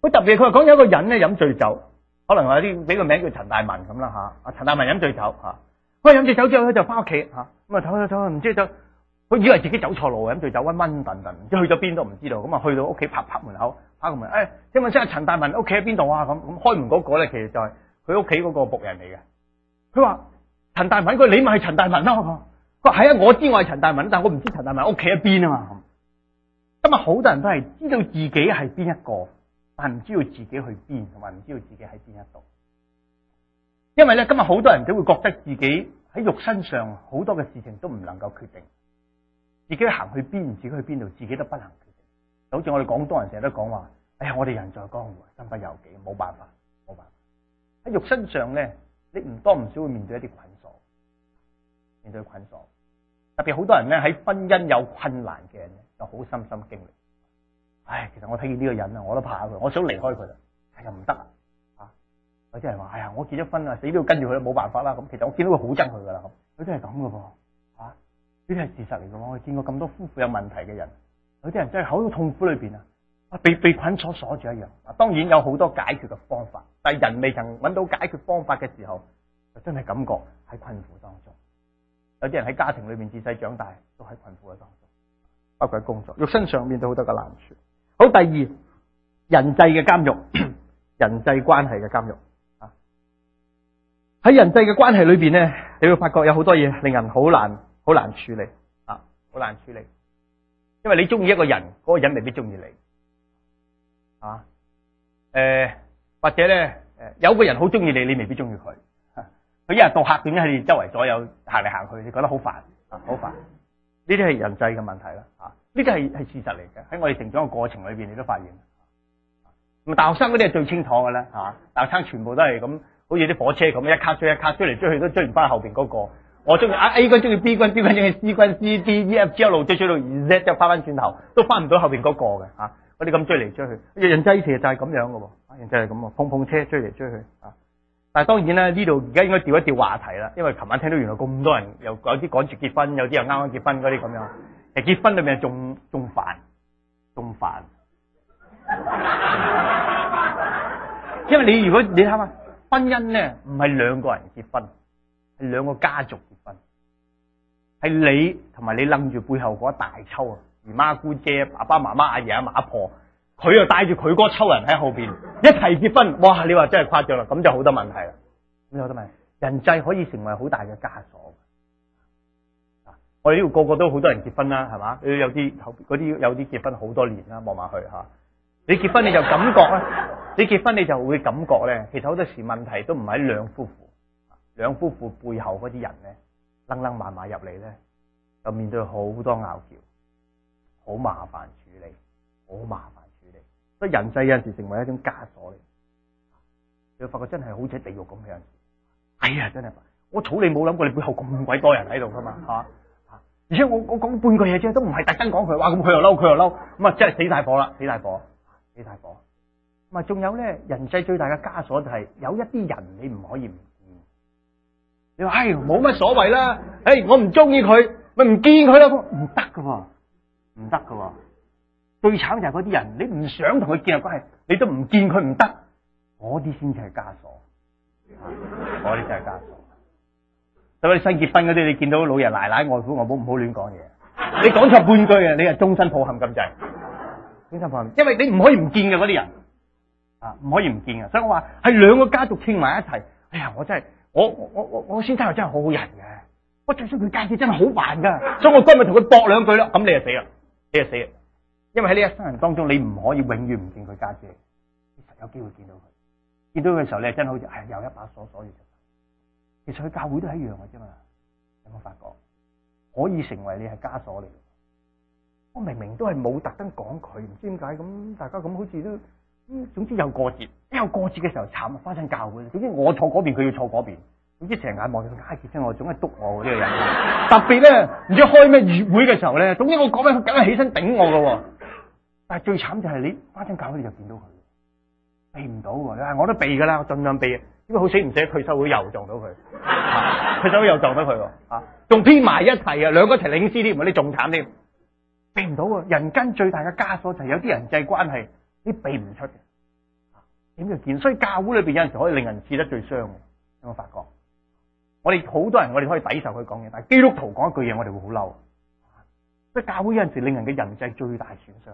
好特別，佢話講有一個人咧飲醉酒，可能有啲俾個名叫陳大文咁啦吓，阿陳大文飲醉酒吓，佢話飲醉酒之後咧就翻屋企吓，咁啊走走走，唔知就……佢以為自己走錯路嘅，咁就走掹掹頓頓，唔知去咗邊都唔知道。咁啊，去到屋企拍拍門口，拍個門，誒、哎，請問聲啊，陳大文屋企喺邊度啊？咁咁開門嗰個咧，其實就係佢屋企嗰個僕人嚟嘅。佢話：陳大文，佢你咪係陳大文咯？佢話：係啊，我，哎、我知我係陳大文，但係我唔知陳大文屋企喺邊啊嘛。今日好多人都係知道自己係邊一個，但係唔知道自己去邊，同埋唔知道自己喺邊一度。因為咧，今日好多人都會覺得自己喺肉身上好多嘅事情都唔能夠決定。自己行去邊，自己去邊度，自己都不能決定。就好似我哋廣東人成日都講話：哎呀，我哋人在江湖，身不由己，冇辦法，冇辦法。喺肉身上咧，你唔多唔少會面對一啲捆鎖，面對捆鎖。特別好多人咧，喺婚姻有困難嘅人，就好深深經歷。唉、哎，其實我睇見呢個人啊，我都怕佢，我想離開佢啦，但係又唔得啊。有啲人話：哎呀，我結咗婚啊，死都要跟住佢，冇辦法啦。咁其實我見到佢好憎佢噶啦，佢真係咁噶噃。呢啲係事實嚟嘅，我見過咁多夫婦有問題嘅人，有啲人真係好痛苦裏邊啊！被被捆鎖鎖住一樣。當然有好多解決嘅方法，但係人未曾揾到解決方法嘅時候，就真係感覺喺困苦當中。有啲人喺家庭裏面自細長大都喺困苦嘅當中，包括喺工作、肉身上面都好多嘅難處。好，第二，人際嘅監獄，人際關係嘅監獄啊！喺人際嘅關係裏邊咧，你會發覺有好多嘢令人好難。好難處理啊！好難處理，因為你中意一個人，嗰、嗰個人未必中意你，係、啊、誒、呃，或者咧，誒，有個人好中意你，你未必中意佢。佢、啊、一日到黑，總之喺周圍左右行嚟行去，你覺得好煩啊！好煩，呢啲係人際嘅問題啦。啊，呢啲係係事實嚟嘅，喺我哋成長嘅過程裏邊，你都發現。唔、啊、大學生嗰啲係最清楚嘅啦，係、啊啊、大學生全部都係咁，好似啲火車咁，一卡追一卡追嚟追去，都追唔翻後邊嗰個。我中意啊 A 君中意 B 君，B 君中意 C 君 C，C D E F G 一路、啊、追追到 Z，就翻翻轉頭都翻唔到後邊嗰個嘅嚇，嗰啲咁追嚟追去，人際就就係咁樣嘅喎、啊，人際就係咁啊，碰碰車追嚟追去啊！但係當然啦、啊，呢度而家應該調一調話題啦，因為琴晚聽到原來咁多人有有啲趕住結婚，有啲又啱啱結婚嗰啲咁樣，誒結婚裏面仲仲煩，仲煩， 因為你如果你睇下婚姻咧，唔係兩個人結婚。兩個家族結婚，係你同埋你楞住背後嗰一大抽啊，姨媽姑姐、爸爸媽媽、阿爺阿嫲阿婆，佢又帶住佢嗰抽人喺後邊一齊結婚，哇！你話真係誇張啦，咁就好多問題啦。咁有得咪？人際可以成為好大嘅枷鎖。我哋呢度個個都好多人結婚啦，係嘛？有啲後啲有啲結婚好多年啦，望下去吓。你結婚你就感覺咧， 你結婚你就會感覺咧，其實好多時問題都唔喺兩夫婦。兩夫婦背後嗰啲人咧，楞楞埋埋入嚟咧，就面對好多拗撬，好麻煩處理，好麻煩處理。所以人世有陣時成為一種枷鎖嚟，你會發覺真係好似喺地獄咁嘅有陣時。哎呀，真係煩！我草你冇諗過你背後咁鬼多人喺度噶嘛，吓！而且我我講半句嘢啫，都唔係特登講佢。話，咁佢又嬲，佢又嬲，咁啊真係死大火啦，死大火，死大火。咁咪仲有咧？人世最大嘅枷鎖就係有一啲人你唔可以唔。你話哎，冇乜所謂啦，唉、哎、我唔中意佢咪唔見佢咯，唔得㗎喎，唔得㗎喎，最慘就係嗰啲人，你唔想同佢建立關係，你都唔見佢唔得，嗰啲先至係枷鎖，嗰啲就係枷鎖。特別新結婚嗰啲，你見到老爺奶奶、外父外母唔好亂講嘢，你講錯半句啊，你係終身抱憾咁滯，終身抱憾，因為你唔可以唔見㗎嗰啲人，啊唔可以唔見㗎，所以我話係兩個家族傾埋一齊，哎呀我真係。我我我我先生又真係好好人嘅，我就算佢家姐真係好煩噶， 所以我今日同佢搏兩句咯，咁你就死啦，你就死啦，因為喺呢一生人當中，你唔可以永遠唔見佢家姐，你實有機會見到佢，見到佢嘅時候咧，你真係好似唉，又一把鎖鎖住。其實佢教會都係一樣嘅啫嘛，有冇發覺？可以成為你係枷鎖嚟嘅，我明明都係冇特登講佢，唔知點解咁大家咁好似都。總之有過節，一有過節嘅時候慘，花生教會。總之我坐嗰邊，佢要坐嗰邊。總之成眼望住佢，唉叫聲我，總係督我呢個、呢個、人。 特別咧，唔知開咩月會嘅時候咧，總之我講咩，佢梗係起身頂我噶。但係最慘就係你花生教會就見到佢避唔到，唉，我都避噶啦，我盡量避。點解好死唔死？得退修會又撞到佢？退修、 啊、會又撞到佢，吓，仲編埋一齊啊！兩個一齊領詩添，你仲慘添。避唔到啊！人間最大嘅枷鎖就係有啲人際關係。啲避唔出嘅，點樣見。所以教會裏邊有陣時可以令人刺得最傷嘅，有冇發覺？我哋好多人，我哋可以抵受佢講嘢，但係基督徒講一句嘢，我哋會好嬲。即係教會有陣時令人嘅人際最大損傷。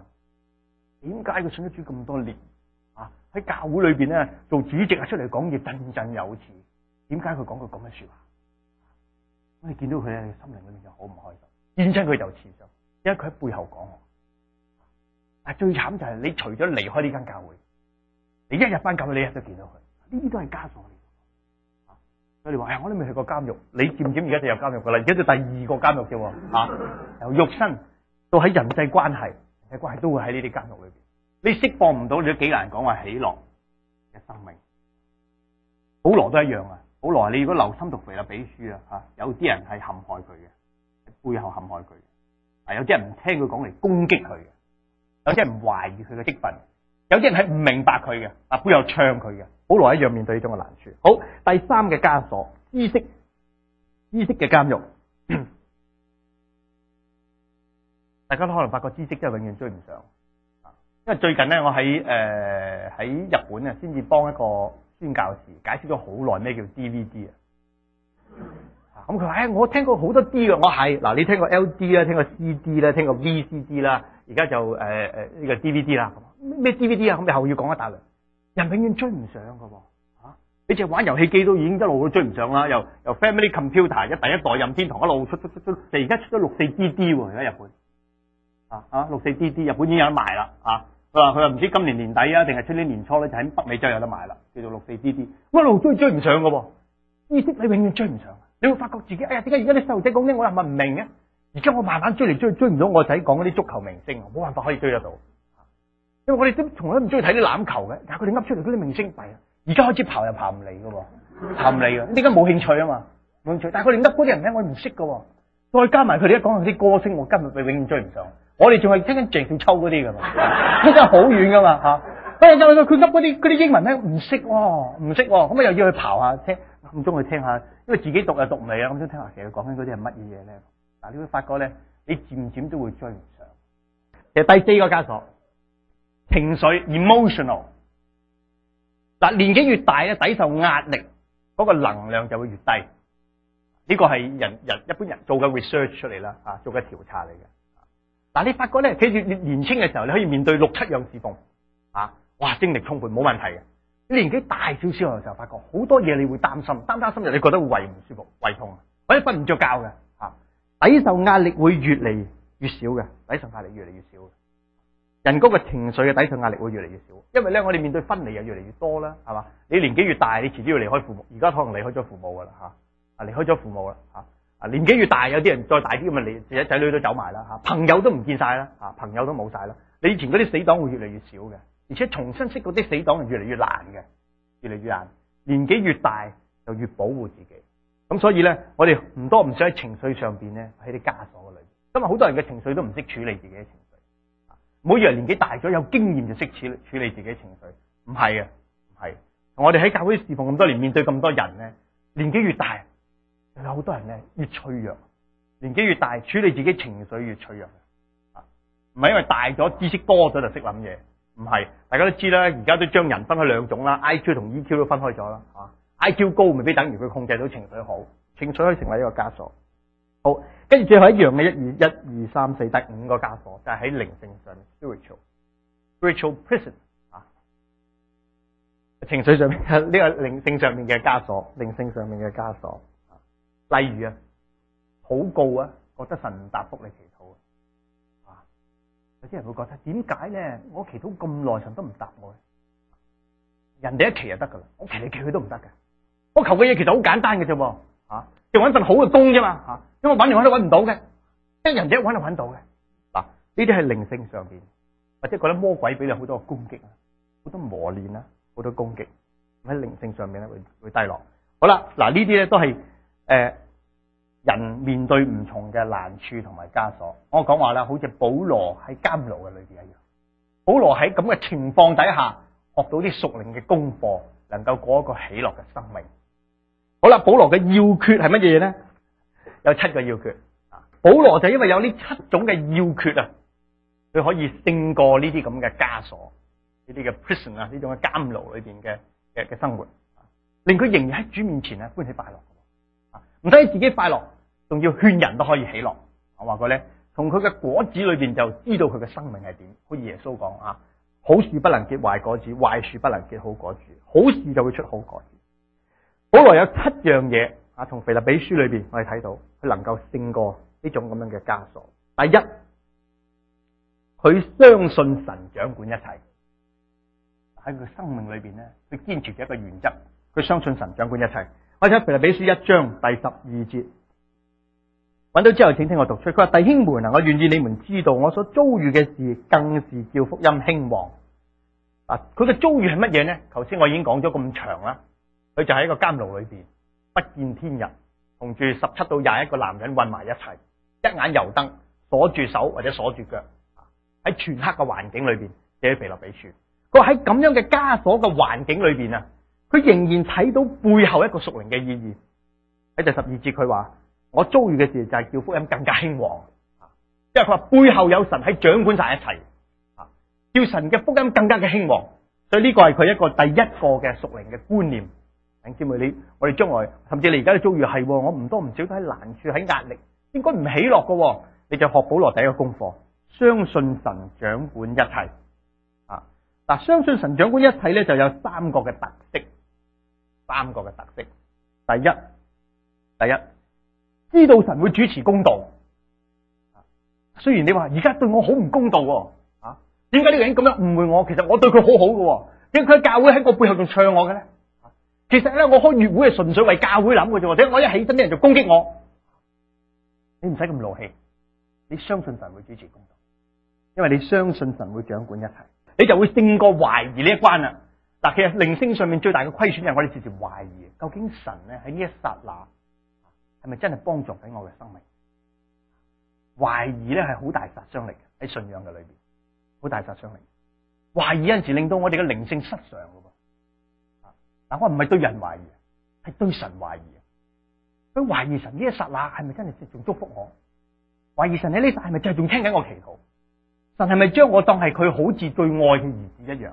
點解佢信咗主咁多年啊？喺教會裏邊咧做主席啊，出嚟講嘢振振有詞。點解佢講句咁嘅說話？咁你見到佢咧，心靈裏面就好唔開心，見親佢就刺心，因為佢喺背後講最慘就係，你除咗離開呢間教會，你一日翻教，你一日都見到佢。呢啲都係枷鎖嚟。佢哋話，哎，我都未去過監獄。你知唔知而家就入監獄噶啦？而家就第二個監獄啫。嚇，由肉身到喺人際關係，人際關係都會喺呢啲監獄裏邊。你釋放唔到，你都幾難講話喜樂嘅生命。保羅都一樣啊！保羅，你如果留心讀腓立比書啊嚇，有啲人係陷害佢嘅，喺背後陷害佢。啊，有啲人唔聽佢講嚟攻擊佢。有啲人懷疑佢嘅激憤，有啲人係唔明白佢嘅，啊，會有唱佢嘅，好耐一樣面對呢種嘅難處。好，第三嘅枷鎖，知識，知識嘅監獄， 大家都可能發覺知識真係永遠追唔上，啊，因為最近咧，我喺誒喺日本啊，先至幫一個宣教士解釋咗好耐咩叫 DVD 啊。咁佢話，我聽過好多 D 嘅，我係嗱，你聽過 LD 啦，聽過 CD 啦，聽過 VCD 啦，而家就誒誒呢個 DVD 啦，咩 DVD 啊？咁你後要講一大輪，人永遠追唔上㗎喎、啊，你你淨係玩遊戲機都已經一路都追唔上啦，又由 Family Computer 一第一代任天堂一路出出出出，就而家出咗六四 DD 喎，而家日本 DD，啊啊六四 DD 日本已經有得賣啦嚇！佢話佢話唔知今年年底啊，定係出年年初咧，就喺北美洲有得賣啦，叫做六四 DD，一、啊、路追追唔上㗎喎、啊，意思係你永遠追唔上、啊。你會發覺自己，哎呀，點解而家啲細路仔講咧，我又唔明嘅。而家我慢慢追嚟，追，追唔到我仔講嗰啲足球明星，冇辦法可以追得到。因為我哋都從來都唔中意睇啲欖球嘅，但係佢哋噏出嚟嗰啲明星幣，而家開始刨又刨唔嚟嘅，刨唔嚟嘅。呢家冇興趣啊嘛，冇興趣。但係佢哋噏嗰啲人咧，我唔識嘅。再加埋佢哋一講嗰啲歌星，我今日永永遠追唔上。我哋仲係聽緊鄭少秋嗰啲噶嘛，相差好遠噶嘛，吓、啊。 哎呀！佢佢佢，噏嗰啲啲英文咧，唔識喎，唔識喎，咁啊又要去刨下聽，暗中去聽下，因為自己讀又讀唔嚟啊，咁想聽下其實講緊嗰啲係乜嘢咧？嗱，你會發覺咧，你漸漸都會追唔上。其實第四個枷鎖，情緒 emotional。嗱，年紀越大咧，抵受壓力嗰個能量就會越低。呢個係人人一般人做嘅 research 出嚟啦，啊，做嘅調查嚟嘅。嗱，你發覺咧，其實你年青嘅時候，你可以面對六七樣事奉，啊。哇！精力充沛冇問題嘅。你年紀大少少嘅時候，發覺好多嘢，你會擔心，擔擔心就你會覺得胃唔舒服、胃痛，或者瞓唔着覺嘅嚇。抵受壓力會越嚟越少嘅，抵受壓力越嚟越少。人嗰個情緒嘅抵受壓力會越嚟越少，因為咧，我哋面對分離又越嚟越多啦，係嘛？你年紀越大，你遲啲要離開父母，而家可能離開咗父母噶啦嚇，啊離開咗父母啦嚇，啊年紀越大，有啲人再大啲咁啊，自己仔女都走埋啦嚇，朋友都唔見晒啦嚇，朋友都冇晒啦，你以前嗰啲死黨會越嚟越少嘅。而且重新識嗰啲死黨係越嚟越難嘅，越嚟越難。年紀越大就越保護自己咁，所以咧，我哋唔多唔少喺情緒上邊咧喺啲枷鎖裏邊。今日好多人嘅情緒都唔識處理自己嘅情緒。唔好以為年紀大咗有經驗就識處處理自己嘅情緒，唔係嘅，唔係。我哋喺教會侍奉咁多年，面對咁多人咧，年紀越大有好多人咧越脆弱。年紀越大處理自己情緒越脆弱，唔係因為大咗知識多咗就識諗嘢。唔係，大家都知啦，而家都將人分開兩種啦，I Q 同 E Q 都分開咗啦。吓 I Q 高未必等於佢控制到情緒好，情緒可以成為一個枷鎖，好，跟住最後一樣嘅，一、二、一、二、三、四、得五個枷鎖，就係喺靈性上面 spiritual，spiritual prison 啊。情緒上面呢個靈性上面嘅枷鎖，靈性上面嘅枷鎖，啊，例如啊，好高啊，覺得神唔答覆你祈禱。有啲人會覺得點解咧？我祈禱咁耐，神都唔答我，人哋一祈就得噶啦，我祈你祈佢都唔得嘅。我求嘅嘢其實好簡單嘅啫，吓，就揾份好嘅工啫嘛，吓，因為揾嚟揾都揾唔到嘅，得人哋一揾就揾到嘅。嗱，呢啲係靈性上邊，或者覺得魔鬼俾你好多攻擊啊，好多磨練啊，好多攻擊，喺靈性上面咧會會低落。好啦，嗱呢啲咧都係誒。人面對唔同嘅難處同埋枷鎖，我講話啦，好似保羅喺監牢嘅裏邊一樣。保羅喺咁嘅情況底下，學到啲屬靈嘅功課，能夠過一個喜樂嘅生命。好啦，保羅嘅要訣係乜嘢咧？有七個要訣啊！保羅就因為有呢七種嘅要訣啊，佢可以勝過呢啲咁嘅枷鎖，呢啲嘅 prison 啊，呢種嘅監牢裏邊嘅嘅嘅生活，令佢仍然喺主面前咧歡喜快樂。唔單止自己快樂，仲要勸人都可以喜樂。我話過咧，從佢嘅果子裏邊就知道佢嘅生命係點。好似耶穌講啊，好事不能結壞果子，壞事不能結好果子，好事就會出好果子。保羅有七樣嘢啊，從腓立比書裏邊我哋睇到佢能夠勝過呢種咁樣嘅枷鎖。第一，佢相信神掌管一切。喺佢生命裏邊咧，佢堅持一個原則，佢相信神掌管一切。我睇《腓立比書》一章第十二節，揾到之後請聽我讀出。佢話弟兄們啊，我願意你們知道我所遭遇嘅事，更是叫福音興旺啊！佢嘅遭遇係乜嘢呢？頭先我已經講咗咁長啦，佢就喺一個監牢裏邊，不見天日，同住十七到廿一個男人混埋一齊，一眼油燈，鎖住手或者鎖住腳，喺全黑嘅環境裏邊寫《腓立比書》。佢喺咁樣嘅枷鎖嘅環境裏邊啊！佢仍然睇到背後一個屬靈嘅意義喺第十二節，佢話我遭遇嘅事就係叫福音更加興旺，啊，因為佢話背後有神喺掌管晒一切，啊，叫神嘅福音更加嘅興旺，所以呢個係佢一個第一個嘅屬靈嘅觀念。嗯。兄姐妹，你，我哋將來甚至你而家嘅遭遇係，我唔多唔少都喺難處喺壓力，應該唔起落噶，你就學保羅第一個功課，相信神掌管一切，啊，嗱，相信神掌管一切咧就有三個嘅特色。三個嘅特色，第一，第一，知道神會主持公道。雖然你話而家對我好唔公道，啊，點解呢個人咁樣誤會我？其實我對佢好好嘅，點解佢喺教會喺我背後度唱我嘅咧？其實咧，我開月會係純粹為教會諗嘅啫，或者我一起身啲人就攻擊我，你唔使咁勞氣，你相信神會主持公道，因為你相信神會掌管一切，你就會勝過懷疑呢一關啦。嗱，其實靈性上面最大嘅虧損係我哋直接懷疑，究竟神咧喺呢一刹那係咪真係幫助緊我嘅生命？懷疑咧係好大殺傷力嘅喺信仰嘅裏邊，好大殺傷力。懷疑有陣時令到我哋嘅靈性失常噶噃。但我唔係對人懷疑，係對神懷疑。佢懷疑神呢一刹那係咪真係着重祝福我？懷疑神喺呢度係咪就係仲聽緊我祈禱？神係咪將我當係佢好似最愛嘅兒子一樣？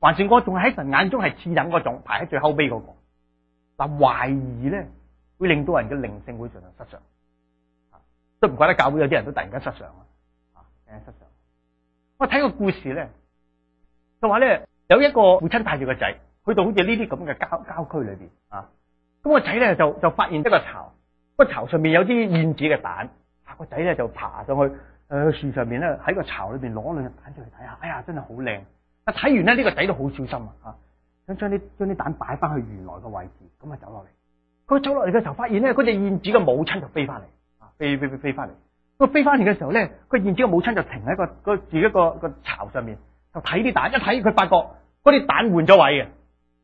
還是我仲係喺神眼中係刺人嗰種，排喺最後尾嗰個。嗱，懷疑咧，會令到人嘅靈性會常常失常。都唔怪得教會有啲人都突然間失常啊！突然間失常。我睇個故事咧，就話咧有一個父親帶住個仔去到好似呢啲咁嘅郊郊區裏邊啊。咁個仔咧就就發現一個巢，個巢上面有啲燕子嘅蛋。個仔咧就爬上去誒樹、呃、上面咧，喺個巢裏邊攞兩隻蛋出去睇下。哎呀，真係好靚！睇完咧，呢個仔都好小心啊！吓，想將啲將啲蛋擺翻去原來嘅位置，咁啊走落嚟。佢走落嚟嘅時候，發現咧，嗰隻燕子嘅母親就飛翻嚟，飛飛飛飛翻嚟。佢飛翻嚟嘅時候咧，佢燕子嘅母親就停喺個個自己個個巢上面，就睇啲蛋。一睇佢發覺嗰啲蛋換咗位啊，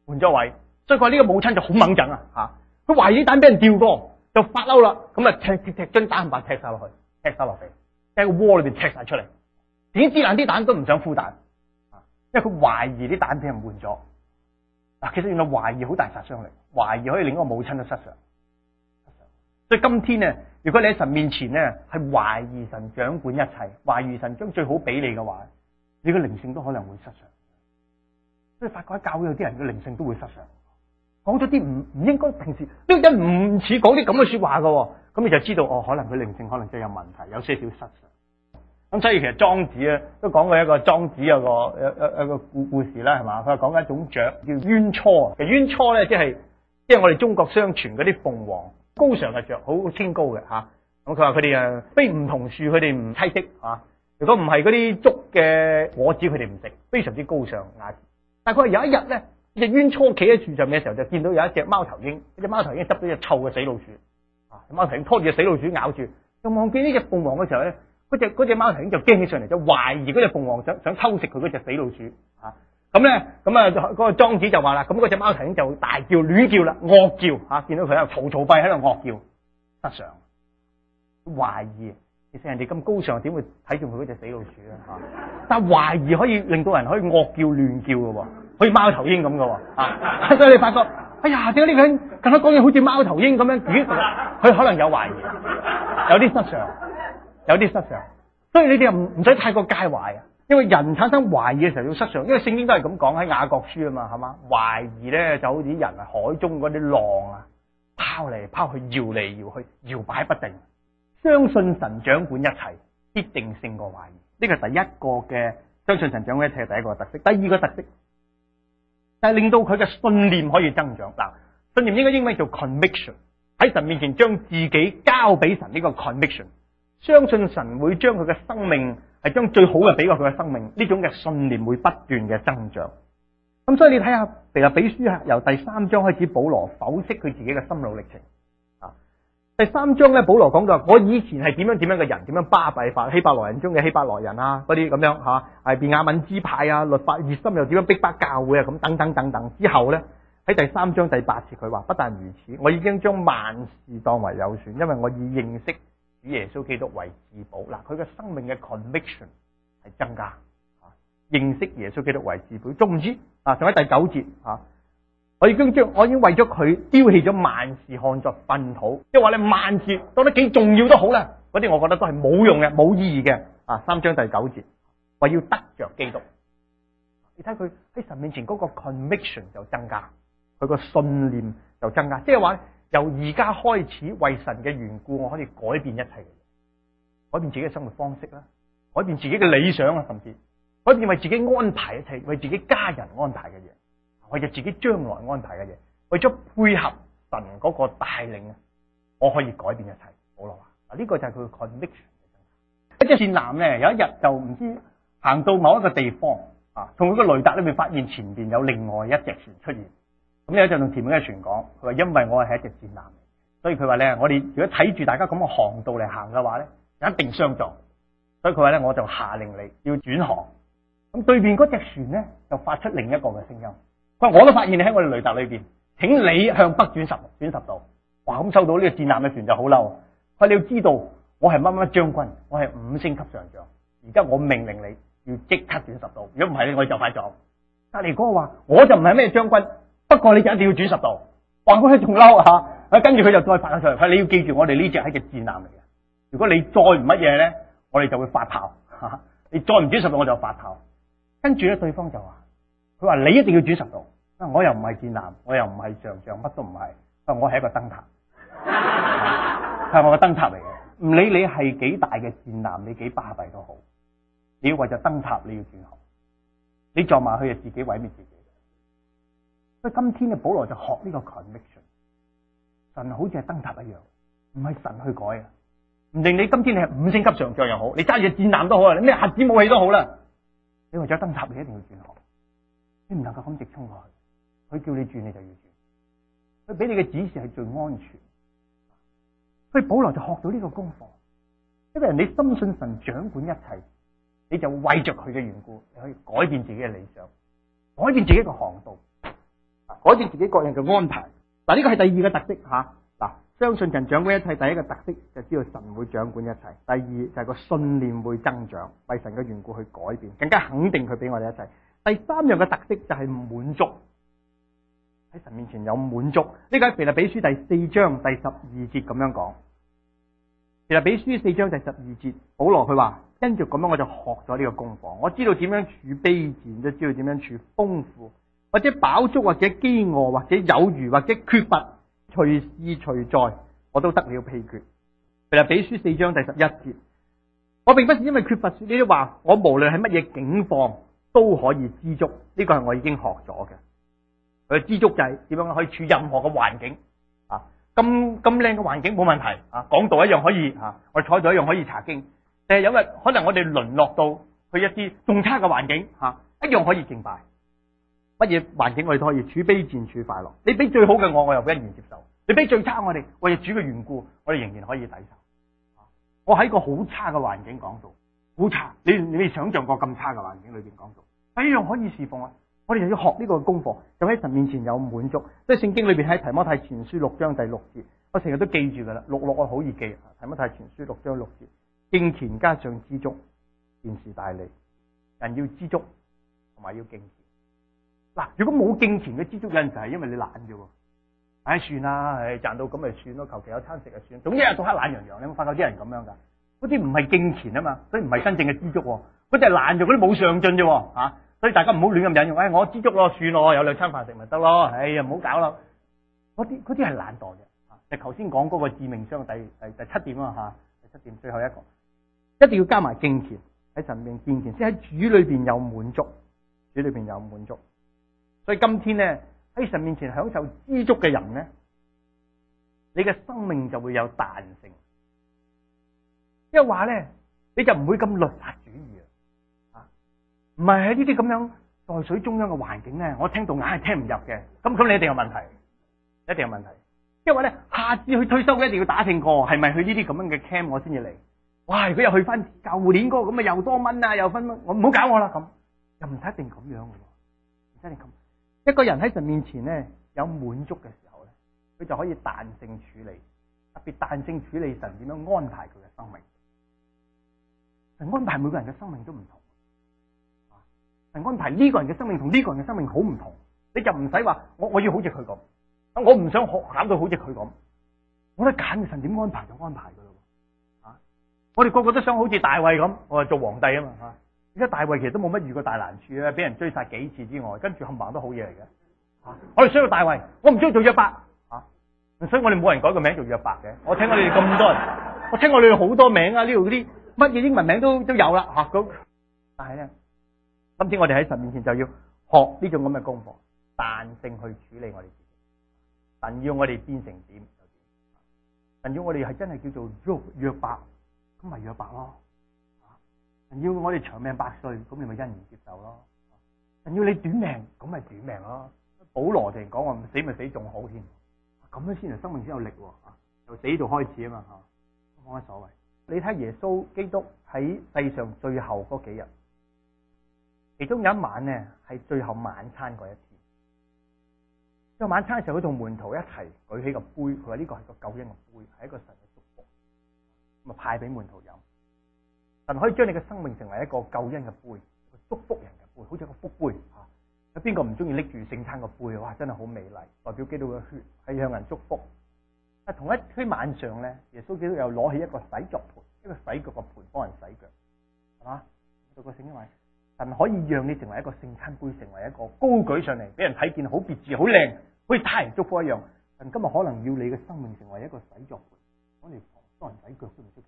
換咗位。所以話呢個母親就好猛緊啊！吓，佢懷疑啲蛋俾人調過，就發嬲啦，咁啊踢踢踢將蛋白踢晒落去，踢晒落嚟，喺個窩裏邊踢晒出嚟，點知嗱啲蛋都唔想孵蛋。因為佢懷疑啲蛋俾人換咗，嗱，其實原來懷疑好大殺傷力，懷疑可以令我母親都失，失常。所以今天呢，如果你喺神面前呢，係懷疑神掌管一切，懷疑神將最好俾你嘅話，你個靈性都可能會失常。所以發覺教會有啲人嘅靈性都會失常，講咗啲唔唔應該平時都真唔似講啲咁嘅說話㗎，咁你就知道哦，可能佢靈性可能真係有問題，有些少失常。咁所以其實莊子咧，都講過一個莊子有個有有一個故故事啦，係嘛？佢話講緊一種雀叫鵷鶵，其實鵷鶵咧即係即係我哋中國相傳嗰啲鳳凰，高尚嘅雀，好清高嘅嚇。咁佢話佢哋誒非梧桐樹，佢哋唔棲息嚇。如果唔係嗰啲竹嘅果子，佢哋唔食，非常之高尚雅。但係佢話有一日咧，隻鵷鶵企喺樹上面嘅時候，就見到有一隻貓頭鷹，一隻貓頭鷹執咗隻臭嘅死老鼠，啊，貓頭鷹拖住隻死老鼠咬住，就望見呢隻鳳凰嘅時候咧。嗰隻嗰隻貓頭鷹就驚起上嚟，就懷疑嗰隻鳳凰想想偷食佢嗰隻死老鼠啊！咁咧，咁啊，嗰個莊子就話啦，咁嗰隻貓頭鷹就大叫亂叫啦，惡叫啊！見到佢喺度嘈嘈閉喺度惡叫，失常懷疑。其實人哋咁高尚，點會睇中佢嗰隻死老鼠啊？但懷疑可以令到人可以惡叫亂叫噶，好似貓頭鷹咁噶啊！所以你發覺，哎呀，點解呢個咁樣講嘢好似貓頭鷹咁樣？咦，佢可能有懷疑，有啲失常。有啲失常，所以你哋又唔唔使太過介懷啊！因為人產生懷疑嘅時候要失常，因為聖經都係咁講，喺雅各書啊嘛，係嘛？懷疑咧就好似人喺海中嗰啲浪啊，拋嚟拋去，搖嚟搖去，搖擺不定。相信神掌管一切，必定勝過懷疑。呢個係第一個嘅相信神掌管一切嘅第一個特色。第二個特色但係令到佢嘅信念可以增長。嗱，信念應該英文叫 conviction，喺神面前將自己交俾神呢個 conviction。相信神會將佢嘅生命係將最好嘅俾過佢嘅生命，呢種嘅信念會不斷嘅增長。咁所以你睇下，腓立比書由第三章開始，保羅剖析佢自己嘅心路歷程。啊，第三章咧，保羅講到我以前係點樣點樣嘅人，點樣巴閉法希伯來人中嘅希伯來人啊，嗰啲咁樣吓，係、啊、便雅憫支派啊，律法熱心又點樣逼迫教會啊，咁等等等等,等等。之後呢，喺第三章第八節，佢話：不但如此，我已經將萬事當為有損，因為我已認識。以耶穌基督為至寶。嗱，佢嘅生命嘅 conviction 係增加，認識耶穌基督為至寶。總之啊，就喺第九節啊，我已經將我已經為咗佢丟棄咗萬事看作糞土，即係話你萬事當得幾重要都好啦，嗰啲我覺得都係冇用嘅，冇意義嘅。啊，三章第九節，我要得着基督，你睇佢喺神面前嗰個 conviction 就增加，佢個信念就增加，即係話。由而家開始為神嘅緣故，我可以改變一切嘅嘢，改變自己嘅生活方式啦，改變自己嘅理想啊，甚至改變為自己安排一切，為自己家人安排嘅嘢，為咗自己將來安排嘅嘢，為咗配合神嗰個帶領啊，我可以改變一切，好啦，嗱，呢個就係佢嘅 conviction。一隻船男咧有一日就唔知行到某一個地方啊，從佢嘅雷達裏面發現前面有另外一隻船出現。咁有一隻同前面嘅船講，佢話因為我係一隻戰艦，所以佢話咧，我哋如果睇住大家咁嘅航道嚟行嘅話咧，一定相撞。所以佢話咧，我就下令你要轉航。咁對面嗰隻船咧就發出另一個嘅聲音，佢話我都發現你喺我哋雷達裏邊，請你向北轉十轉十度。哇，咁收到呢個戰艦嘅船就好嬲。佢你要知道我係乜乜將軍，我係五星級上將，而家我命令你要即刻轉十度，如果唔係你我就快撞。隔籬嗰個話我就唔係咩將軍。不過你就一定要轉十度，話佢係仲嬲吓，跟住佢就再發咗上嚟、啊。你要記住，我哋呢隻係個戰艦嚟嘅。如果你再唔乜嘢咧，我哋就會發炮。啊、你再唔轉十度，我就發炮。跟住咧，對方就話：佢話你一定要轉十度。我又唔係戰艦，我又唔係上上乜都唔係。我係、啊、一個燈塔，係 我嘅燈塔嚟嘅。唔理你係幾大嘅戰艦，你幾霸閉都好，你要為咗燈塔，你要轉好。你撞埋去就自己毀滅自己。所以今天嘅保羅就學呢個 conviction，神好似係燈塔一樣，唔係神去改啊，唔定你今天你係五星級上將又好，你揸住戰艦都好，你咩核子武器都好啦。你為咗燈塔，你一定要轉學，你唔能夠咁直衝落去。佢叫你轉，你就要轉。佢俾你嘅指示係最安全。所以保羅就學到呢個功課，因為一個人你深信神掌管一切，你就為着佢嘅緣故，你可以改變自己嘅理想，改變自己嘅航道。改正自己個人嘅安排，嗱呢個係第二個特色吓。嗱、啊，相信神掌管一切。第一個特色就知道神會掌管一切，第二就係個信念會增長，為神嘅緣故去改變，更加肯定佢俾我哋一切。第三樣嘅特色就係滿足。喺神面前有滿足。呢、這個喺腓立比書第四章第十二節咁樣講。腓立比書四章第十二節，保羅佢話：跟住咁樣我就學咗呢個功課，我知道點樣處卑賤，都知道點樣處豐富。或者飽足，或者飢餓，或者有餘，或者缺乏，隨時隨在，我都得了秘訣。其實《比，腓立比書》四章第十一節，我並不是因為缺乏。說呢啲話，我無論係乜嘢境況都可以知足。呢、這個係我已經學咗嘅。佢知足就係點樣？可以處任何嘅環境啊！咁咁靚嘅環境冇問題啊，講道一樣可以啊，我坐喺度一樣可以查經。但係有日可能我哋淪落到去一啲仲差嘅環境嚇，一樣可以敬拜。乜嘢環境我哋都可以處卑賤，處快樂。你俾最好嘅我，我又欣然接受；你俾最差我哋，我為主嘅緣故，我哋仍然可以抵受。我喺個好差嘅環境講道，好差你，你你未想象過咁差嘅環境裏邊講道？第一樣可以侍奉啊！我哋就要學呢個功課，就喺神面前有滿足。即係聖經裏邊喺提摩太前書六章第六節，我成日都記住噶啦。六六我好易記，提摩太前書六章六節，敬虔加上知足，便是大利。人要知足同埋要敬嗱，如果冇敬虔嘅知足，有陣時係因為你懶啫。唉、哎，算啦，唉、哎，賺到咁咪算咯，求其有餐食就算。總之日到黑懶洋洋，你有冇發覺啲人咁樣噶？嗰啲唔係敬虔啊嘛，所以唔係真正嘅知足。嗰啲係懶啫，嗰啲冇上進啫。嚇、啊，所以大家唔好亂咁引用。唉、哎，我知足咯，算咯，有兩餐飯食咪得咯。哎呀，唔好搞咯。嗰啲啲係懶惰嘅。啊，即係頭先講嗰個致命傷第，第第第七點啊嚇，第七點、啊、第七點最後一個，一定要加埋敬虔喺前面敬虔先，喺主裏邊有滿足，主裏邊有滿足。所以今天咧喺神面前享受知足嘅人咧，你嘅生命就會有彈性。因為話咧你就唔會咁律法主義啊，唔係喺呢啲咁樣在水中央嘅環境咧，我聽到眼係聽唔入嘅。咁咁你一定有問題，一定有問題。因為咧下次去退修，我一定要打聽過係咪去呢啲咁樣嘅 camp 我先至嚟。哇！如果又去翻舊年嗰個咁啊，又多蚊啊又分蚊，我唔好搞我啦咁，又唔使一定咁樣嘅喎，唔使一定咁。一個人喺神面前咧有滿足嘅時候咧，佢就可以彈性處理，特別彈性處理神點樣安排佢嘅生命。神安排每個人嘅生命都唔同，神安排呢個人嘅生命同呢個人嘅生命好唔同，你就唔使話我我要好似佢咁，啊我唔想學搞到好似佢咁，我咧揀嘅神點安排就安排噶啦，啊我哋個個都想好似大衛咁，我係做皇帝嘛啊嘛吓。而家大衛其實都冇乜遇過大難處啊！俾人追殺幾次之外，跟住冚唪唥都好嘢嚟嘅。我哋需要大衛，我唔需要做約伯啊！啊所以我哋冇人改個名做約伯嘅。 我聽過你哋咁多人，我聽過你哋好多名啊！呢度嗰啲乜嘢英文名都都有啦。吓、啊、咁，但係咧，今次我哋喺神面前就要學呢種咁嘅功課，彈性去處理我哋自己。神要我哋變成點，神要我哋係真係叫做約約伯，咁咪約伯咯。要我哋長命百歲，咁你咪欣然接受咯。人要你短命，咁咪短命咯。保羅就係講話死咪死仲好添，咁樣先係生命先有力喎。啊，由死度開始啊嘛。冇乜所謂。你睇耶穌基督喺世上最後嗰幾日，其中有一晚咧係最後晚餐嗰一天。在晚餐嘅時候，佢同門徒一齊舉起個杯，佢話呢個係個救恩嘅杯，係一個神嘅祝福，咁啊派俾門徒飲。神可以將你嘅生命成為一個救恩嘅杯，一個祝福人嘅杯，好似一個福杯。吓、啊，有邊個唔中意拎住聖餐嘅杯？哇，真係好美麗，代表基督嘅血，係向人祝福。但、啊、同一天晚上咧，耶穌基督又攞起一個洗腳盆，一個洗腳嘅盆幫人洗腳，係嘛？各位聖經位，神可以讓你成為一個聖餐杯，成為一個高舉上嚟俾人睇見，好別緻，好靚，好似他人祝福一樣。神今日可能要你嘅生命成為一個洗腳盆。我哋幫人洗腳都唔出奇。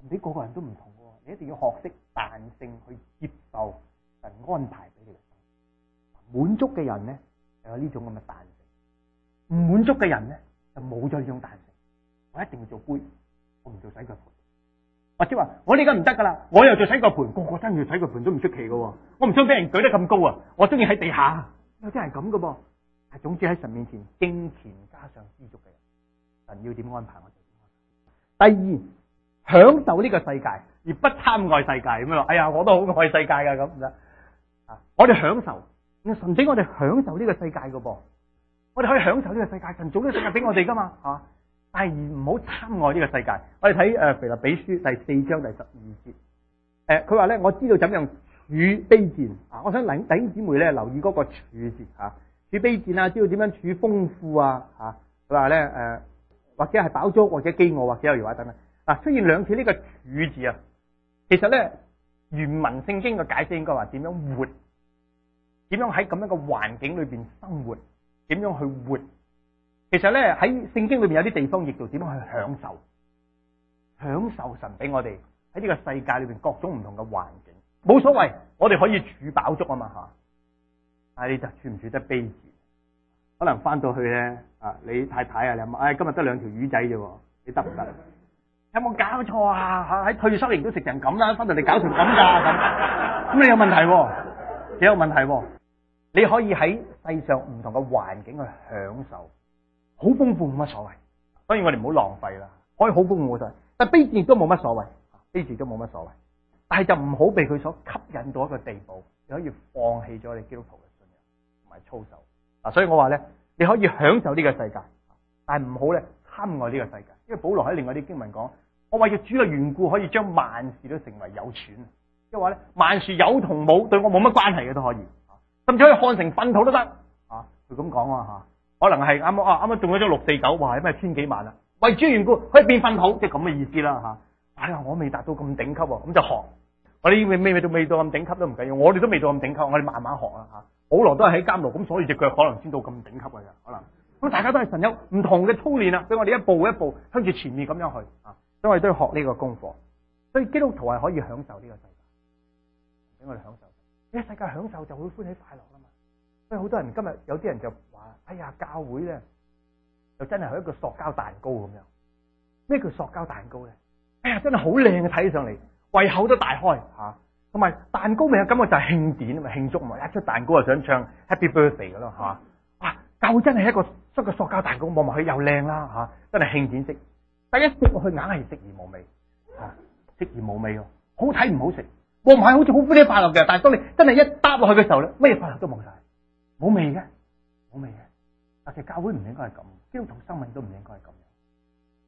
你個個人都唔同嘅、哦，你一定要學識彈性去接受神安排俾你嘅。滿足嘅人咧，就有呢種咁嘅彈性；唔滿足嘅人咧，就冇咗呢種彈性。我一定要做杯，我唔做洗個盤。或者話我呢個唔得噶啦，我又做洗腳盆個盤，個個都要洗腳盆都唔出奇嘅。我唔想俾人舉得咁高啊，我中意喺地下。有啲係咁嘅噃，但係總之喺神面前敬虔加上知足嘅人，神要點安排我哋？第二。享受呢個世界而不貪愛世界，咁樣，哎呀，我都好愛世界噶。咁，唔啊！我哋享受神俾我哋享受呢個世界噶噃，我哋可以享受呢個世界，神造呢個世界俾我哋噶嘛嚇。但係唔好貪愛呢個世界。我哋睇誒《腓立比書》第四章第十二節誒，佢話咧：我知道怎樣處卑賤啊！我想令弟兄姊妹咧留意嗰個處字嚇、啊，處卑賤啊，知道點樣處豐富啊嚇。佢話咧誒，或者係飽足，或者飢餓，或者有餘畫等等。嗱，出現兩次呢個處字啊，其實咧原文聖經嘅解釋應該話點樣活，點樣喺咁樣嘅環境裏邊生活，點樣去活？其實咧喺聖經裏邊有啲地方亦都點樣去享受，享受神俾我哋喺呢個世界裏邊各種唔同嘅環境，冇所謂，我哋可以處飽足啊嘛嚇，但你就處唔處得卑賤？可能返到去咧啊，你太太啊，你問，哎，今日得兩條魚仔啫，你得唔得？有冇搞錯啊？吓喺退修營都食成咁啦、啊，翻到你搞成咁噶咁，咁你有問題、啊，你有問題、啊。你可以喺世上唔同嘅環境去享受，好豐富冇乜所謂。當然我哋唔好浪費啦，可以好豐富嘅，但卑賤都冇乜所謂，卑賤都冇乜所謂。但係就唔好被佢所吸引到一個地步，你可以放棄咗你基督徒嘅信仰同埋操守。嗱，所以我話咧，你可以享受呢個世界，但係唔好咧。愛呢個世界，因為保羅喺另外啲經文講，我為住主嘅緣故，可以將萬事都成為有損，即係話咧萬事有同冇對我冇乜關係嘅都可以，甚至可以看成糞土都得啊！佢咁講啊，可能係啱啱啊啱啱中咗張六四九，哇有咩千幾萬啊？為主緣故可以變糞土，即係咁嘅意思啦吓。哎呀，我未達到咁頂級，啊，咁就學我哋未未到未到咁頂級都唔緊要，我哋都未到咁頂級，我哋慢慢學啊吓。保羅都係喺監牢，咁所以只腳可能先到咁頂級嘅咋，可能。咁大家都係神有唔同嘅操練啊，俾我哋一步一步向住前面咁樣去啊，所以我哋都要學呢個功課。所以基督徒係可以享受呢個世界，俾我哋享受。呢個世界享受就會歡喜快樂啦嘛。所以好多人今日有啲人就話：哎呀，教會咧，就真係一個塑膠蛋糕咁樣。咩叫塑膠蛋糕咧？哎呀，真係好靚啊！睇起上嚟，胃口都大開吓，同、啊、埋蛋糕味嘅感覺就係慶典啊嘛，慶祝嘛，一出蛋糕就想唱 Happy Birthday 嘅咯吓。啊，教會真係一個。不過塑膠蛋糕望落去又靚啦吓，真係慶典色，但係一食落去硬係食而無味，吓食而無味咯，好睇唔好食，望唔係好似好歡喜快樂嘅，但係當你真係一搭落去嘅時候咧，咩快樂都冇晒，冇味嘅，冇味嘅。但其實教會唔應該係咁，基督徒生命都唔應該係咁。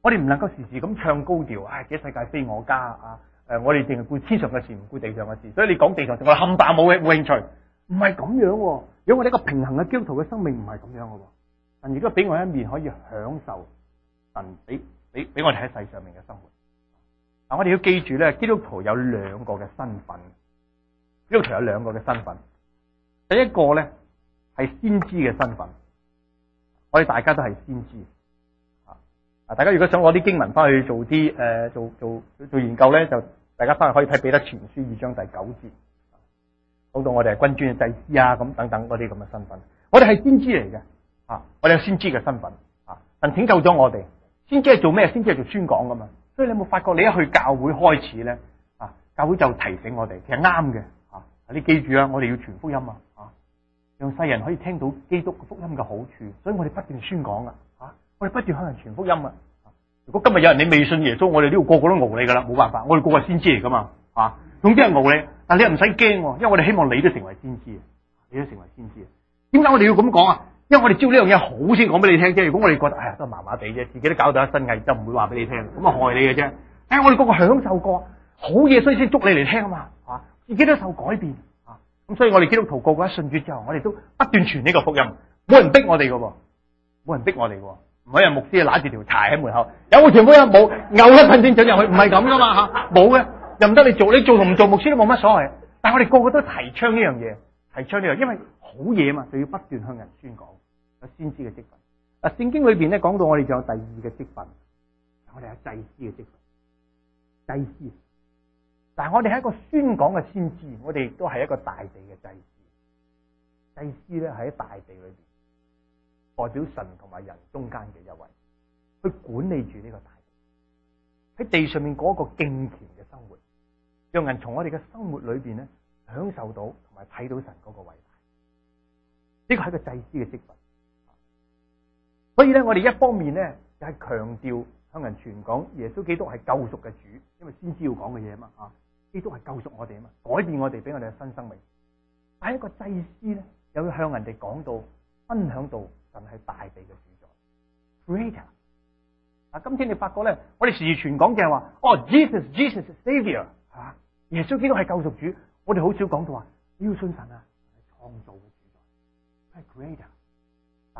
我哋唔能夠時時咁唱高調，唉，這個世界非我家啊！誒，我哋淨係顧天上嘅事，唔顧地上嘅事。所以你講地上就我冚唪唥冇興冇興趣，唔係咁樣。如果我哋一個平衡嘅基督徒嘅生命唔係咁樣嘅。如果俾我一面可以享受神俾俾俾我哋喺世上面嘅生活，嗱，我哋要記住咧，基督徒有兩個嘅身份，基督徒有兩個嘅身份。第一個咧係先知嘅身份，我哋大家都係先知。啊，大家如果想攞啲經文翻去做啲誒、呃，做做做，做研究咧，就大家翻去可以睇彼得全書二章第九節，講到我哋係君尊嘅祭司啊，咁等等嗰啲咁嘅身份，我哋係先知嚟嘅。 啊！我哋有先知嘅身份啊，但拯救咗我哋先知係做咩？先知係做，做宣講噶嘛。所以你有冇發覺？你一去教會開始咧，啊，教會就會提醒我哋，其實啱嘅啊。你記住啊，我哋要傳福音啊，讓世人可以聽到基督福音嘅好處。所以我哋不斷宣講啊，我哋不斷向人傳福音啊。如果今日有人你未信耶穌，我哋呢度個個都熬你噶啦，冇辦法。我哋個個先知嚟噶嘛啊，總之係熬你。但你又唔使驚，因為我哋希望你都成為先知，你都成為先知。點解我哋要咁講啊？因為我哋招呢樣嘢好先講俾你聽啫，如果我哋覺得哎呀都麻麻地啫，自己都搞到一身藝，就唔會話俾你聽，咁啊害你嘅啫。唉、哎，我哋個個享受過好嘢，所以先捉你嚟聽啊嘛，吓、啊、自己都受改變啊。咁所以我哋基督徒個個一信主之後，我哋都不斷傳呢個福音，冇人逼我哋噶，冇人逼我哋噶，唔係人牧師揦住條柴喺門口，有冇條福音冇，咬一棍正准入去，唔係咁噶嘛吓，冇嘅又唔得你做，你做同唔做牧師都冇乜所謂。但係我哋個個都提倡呢樣嘢，提倡呢樣，因為好嘢嘛，就要不斷向人宣講。有先知嘅職分，嗱聖經裏邊咧講到我哋仲有第二嘅職分，我哋有祭司嘅職分，祭司，但係我哋係一個宣講嘅先知，我哋亦都係一個大地嘅祭司，祭司咧喺大地裏邊，代表神同埋人中間嘅一位，去管理住呢個大地，喺地上面嗰一個敬虔嘅生活，讓人從我哋嘅生活裏邊咧享受到同埋睇到神嗰個偉大，呢個係一個祭司嘅職分。所以咧，我哋一方面咧，就係強調向人傳講耶穌基督係救贖嘅主，因為先知要講嘅嘢嘛啊，基督係救贖我哋啊嘛，改變我哋俾我哋嘅新生命。但係一個祭司咧，又要向人哋講到分享到神係大地嘅主宰 Creator。嗱今天你發覺咧，我哋時傳講、oh, 嘅係話，哦，Jesus，Jesus，Savior，係嘛？耶穌基督係救贖主，我哋好少講到話要信神啊，創造嘅主宰，係 Creator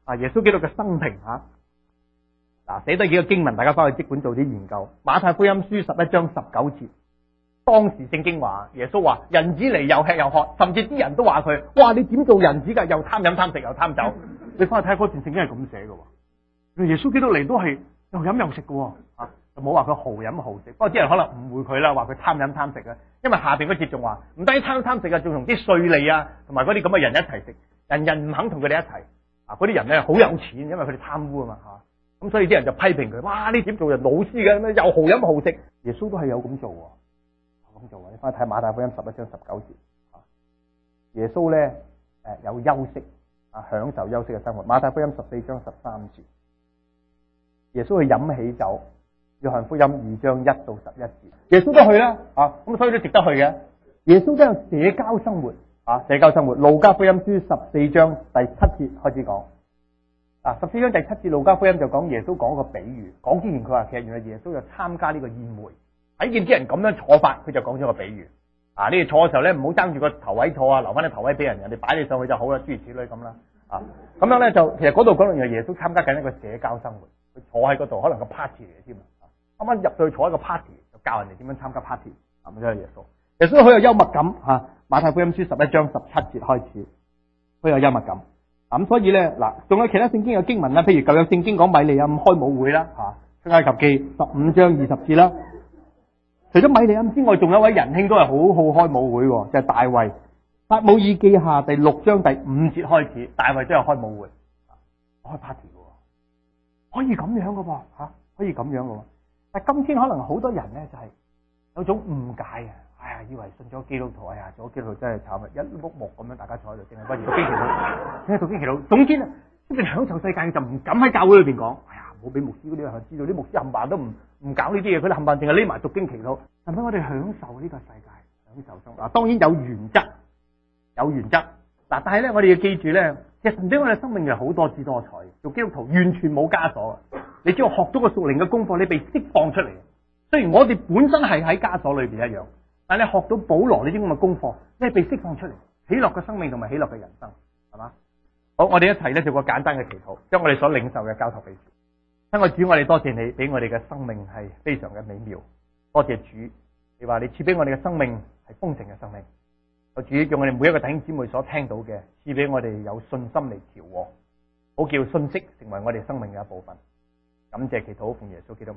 穌啊！耶穌基督嘅生平嚇，嗱寫多幾個經文，大家翻去即管做啲研究。馬太福音書十一章十九節，當時聖經話耶穌話：人子嚟又吃又喝，甚至啲人都話佢：哇！你點做人子㗎？又貪飲貪食又貪酒。 你翻去睇下嗰段聖經係咁寫嘅。耶穌基督嚟都係又飲又食嘅，嚇就冇話佢豪飲豪食。不過啲人可能誤會佢啦，話佢貪飲貪食嘅，因為下邊嗰節仲話唔單止貪飲貪食啊，仲同啲稅吏啊同埋嗰啲咁嘅人一齊食，人人唔肯同佢哋一齊。嗱，嗰啲、啊、人咧好有錢，因為佢哋貪污嘛啊嘛嚇，咁所以啲人就批評佢，哇呢點做人老師嘅？又豪飲好食，耶穌都係有咁做喎，咁做啊！你翻去睇馬太福音十一章十九節，耶穌咧誒有休息啊，享受休息嘅生活。馬太福音十四章十三節，耶穌去飲喜酒。約翰福音二章一到十一節，耶穌都去啦啊，咁、啊、所以都值得去嘅。耶穌都有社交生活。啊！社交生活，路加福音書十四章第七節開始講。啊，十四章第七節，路加福音就講耶穌講一個比喻。講之前佢話，其實原來耶穌就參加呢個宴會，睇見啲人咁樣坐法，佢就講咗個比喻。啊，你哋坐嘅時候咧，唔好爭住個頭位坐啊，留翻啲頭位俾人，人哋擺你上去就好啦，諸如此類咁啦。啊，咁樣咧就，其實嗰度講到耶穌參加緊一個社交生活，佢坐喺嗰度，可能個 party 嚟嘅添。啊。啱啱入去坐一個 party，就教人哋點樣參加 party，咁樣耶穌。耶穌好有幽默感，吓。馬太福音書十一章十七節開始，都有幽默感。咁所以咧，嗱，仲有其他聖經有經文啦，譬如舊約聖經講米利暗開舞會啦，吓，出埃及記十五章二十節啦。除咗米利暗之外，仲有一位仁兄都係好好開舞會，就係、是、大衛。但《撒母耳記下》第六章第五節開始，大衛都係開舞會，開 party、啊、可以咁樣嘅噃，吓、啊、可以咁樣嘅、啊。但係今天可能好多人咧就係有種誤解啊。哎呀，以為信咗基督徒，哎呀，做基督徒真係慘啊！一碌木咁樣，大家坐喺度，淨係不如讀經祈禱。 讀經祈禱，總之啊！一邊享受世界，就唔敢喺教會裏邊講。哎呀，唔好俾牧師嗰啲人知道，啲牧師冚唪唥都唔唔搞呢啲嘢，佢哋冚唪唥淨係匿埋讀經祈禱。嗱，咁我哋享受呢個世界，享受生活。嗱，當然有原則，有原則。嗱，但係咧，我哋要記住咧，其實聖經我哋生命係好多姿多彩嘅。做基督徒完全冇枷鎖，你只要學到個屬靈嘅功課，你被釋放出嚟。雖然我哋本身係喺枷鎖裏邊一樣。但你學到保羅呢啲咁嘅功課，你係被釋放出嚟，喜樂嘅生命同埋喜樂嘅人生，係嘛？好，我哋一齊咧做個簡單嘅祈禱，將我哋所領受嘅交託俾主。啊，我主，我哋多謝你俾我哋嘅生命係非常嘅美妙，多謝主。你話你賜俾我哋嘅生命係豐盛嘅生命。我主，叫我哋每一個弟兄姊妹所聽到嘅，賜俾我哋有信心嚟調和，好叫信息成為我哋生命嘅一部分。感謝祈禱，奉耶穌基督。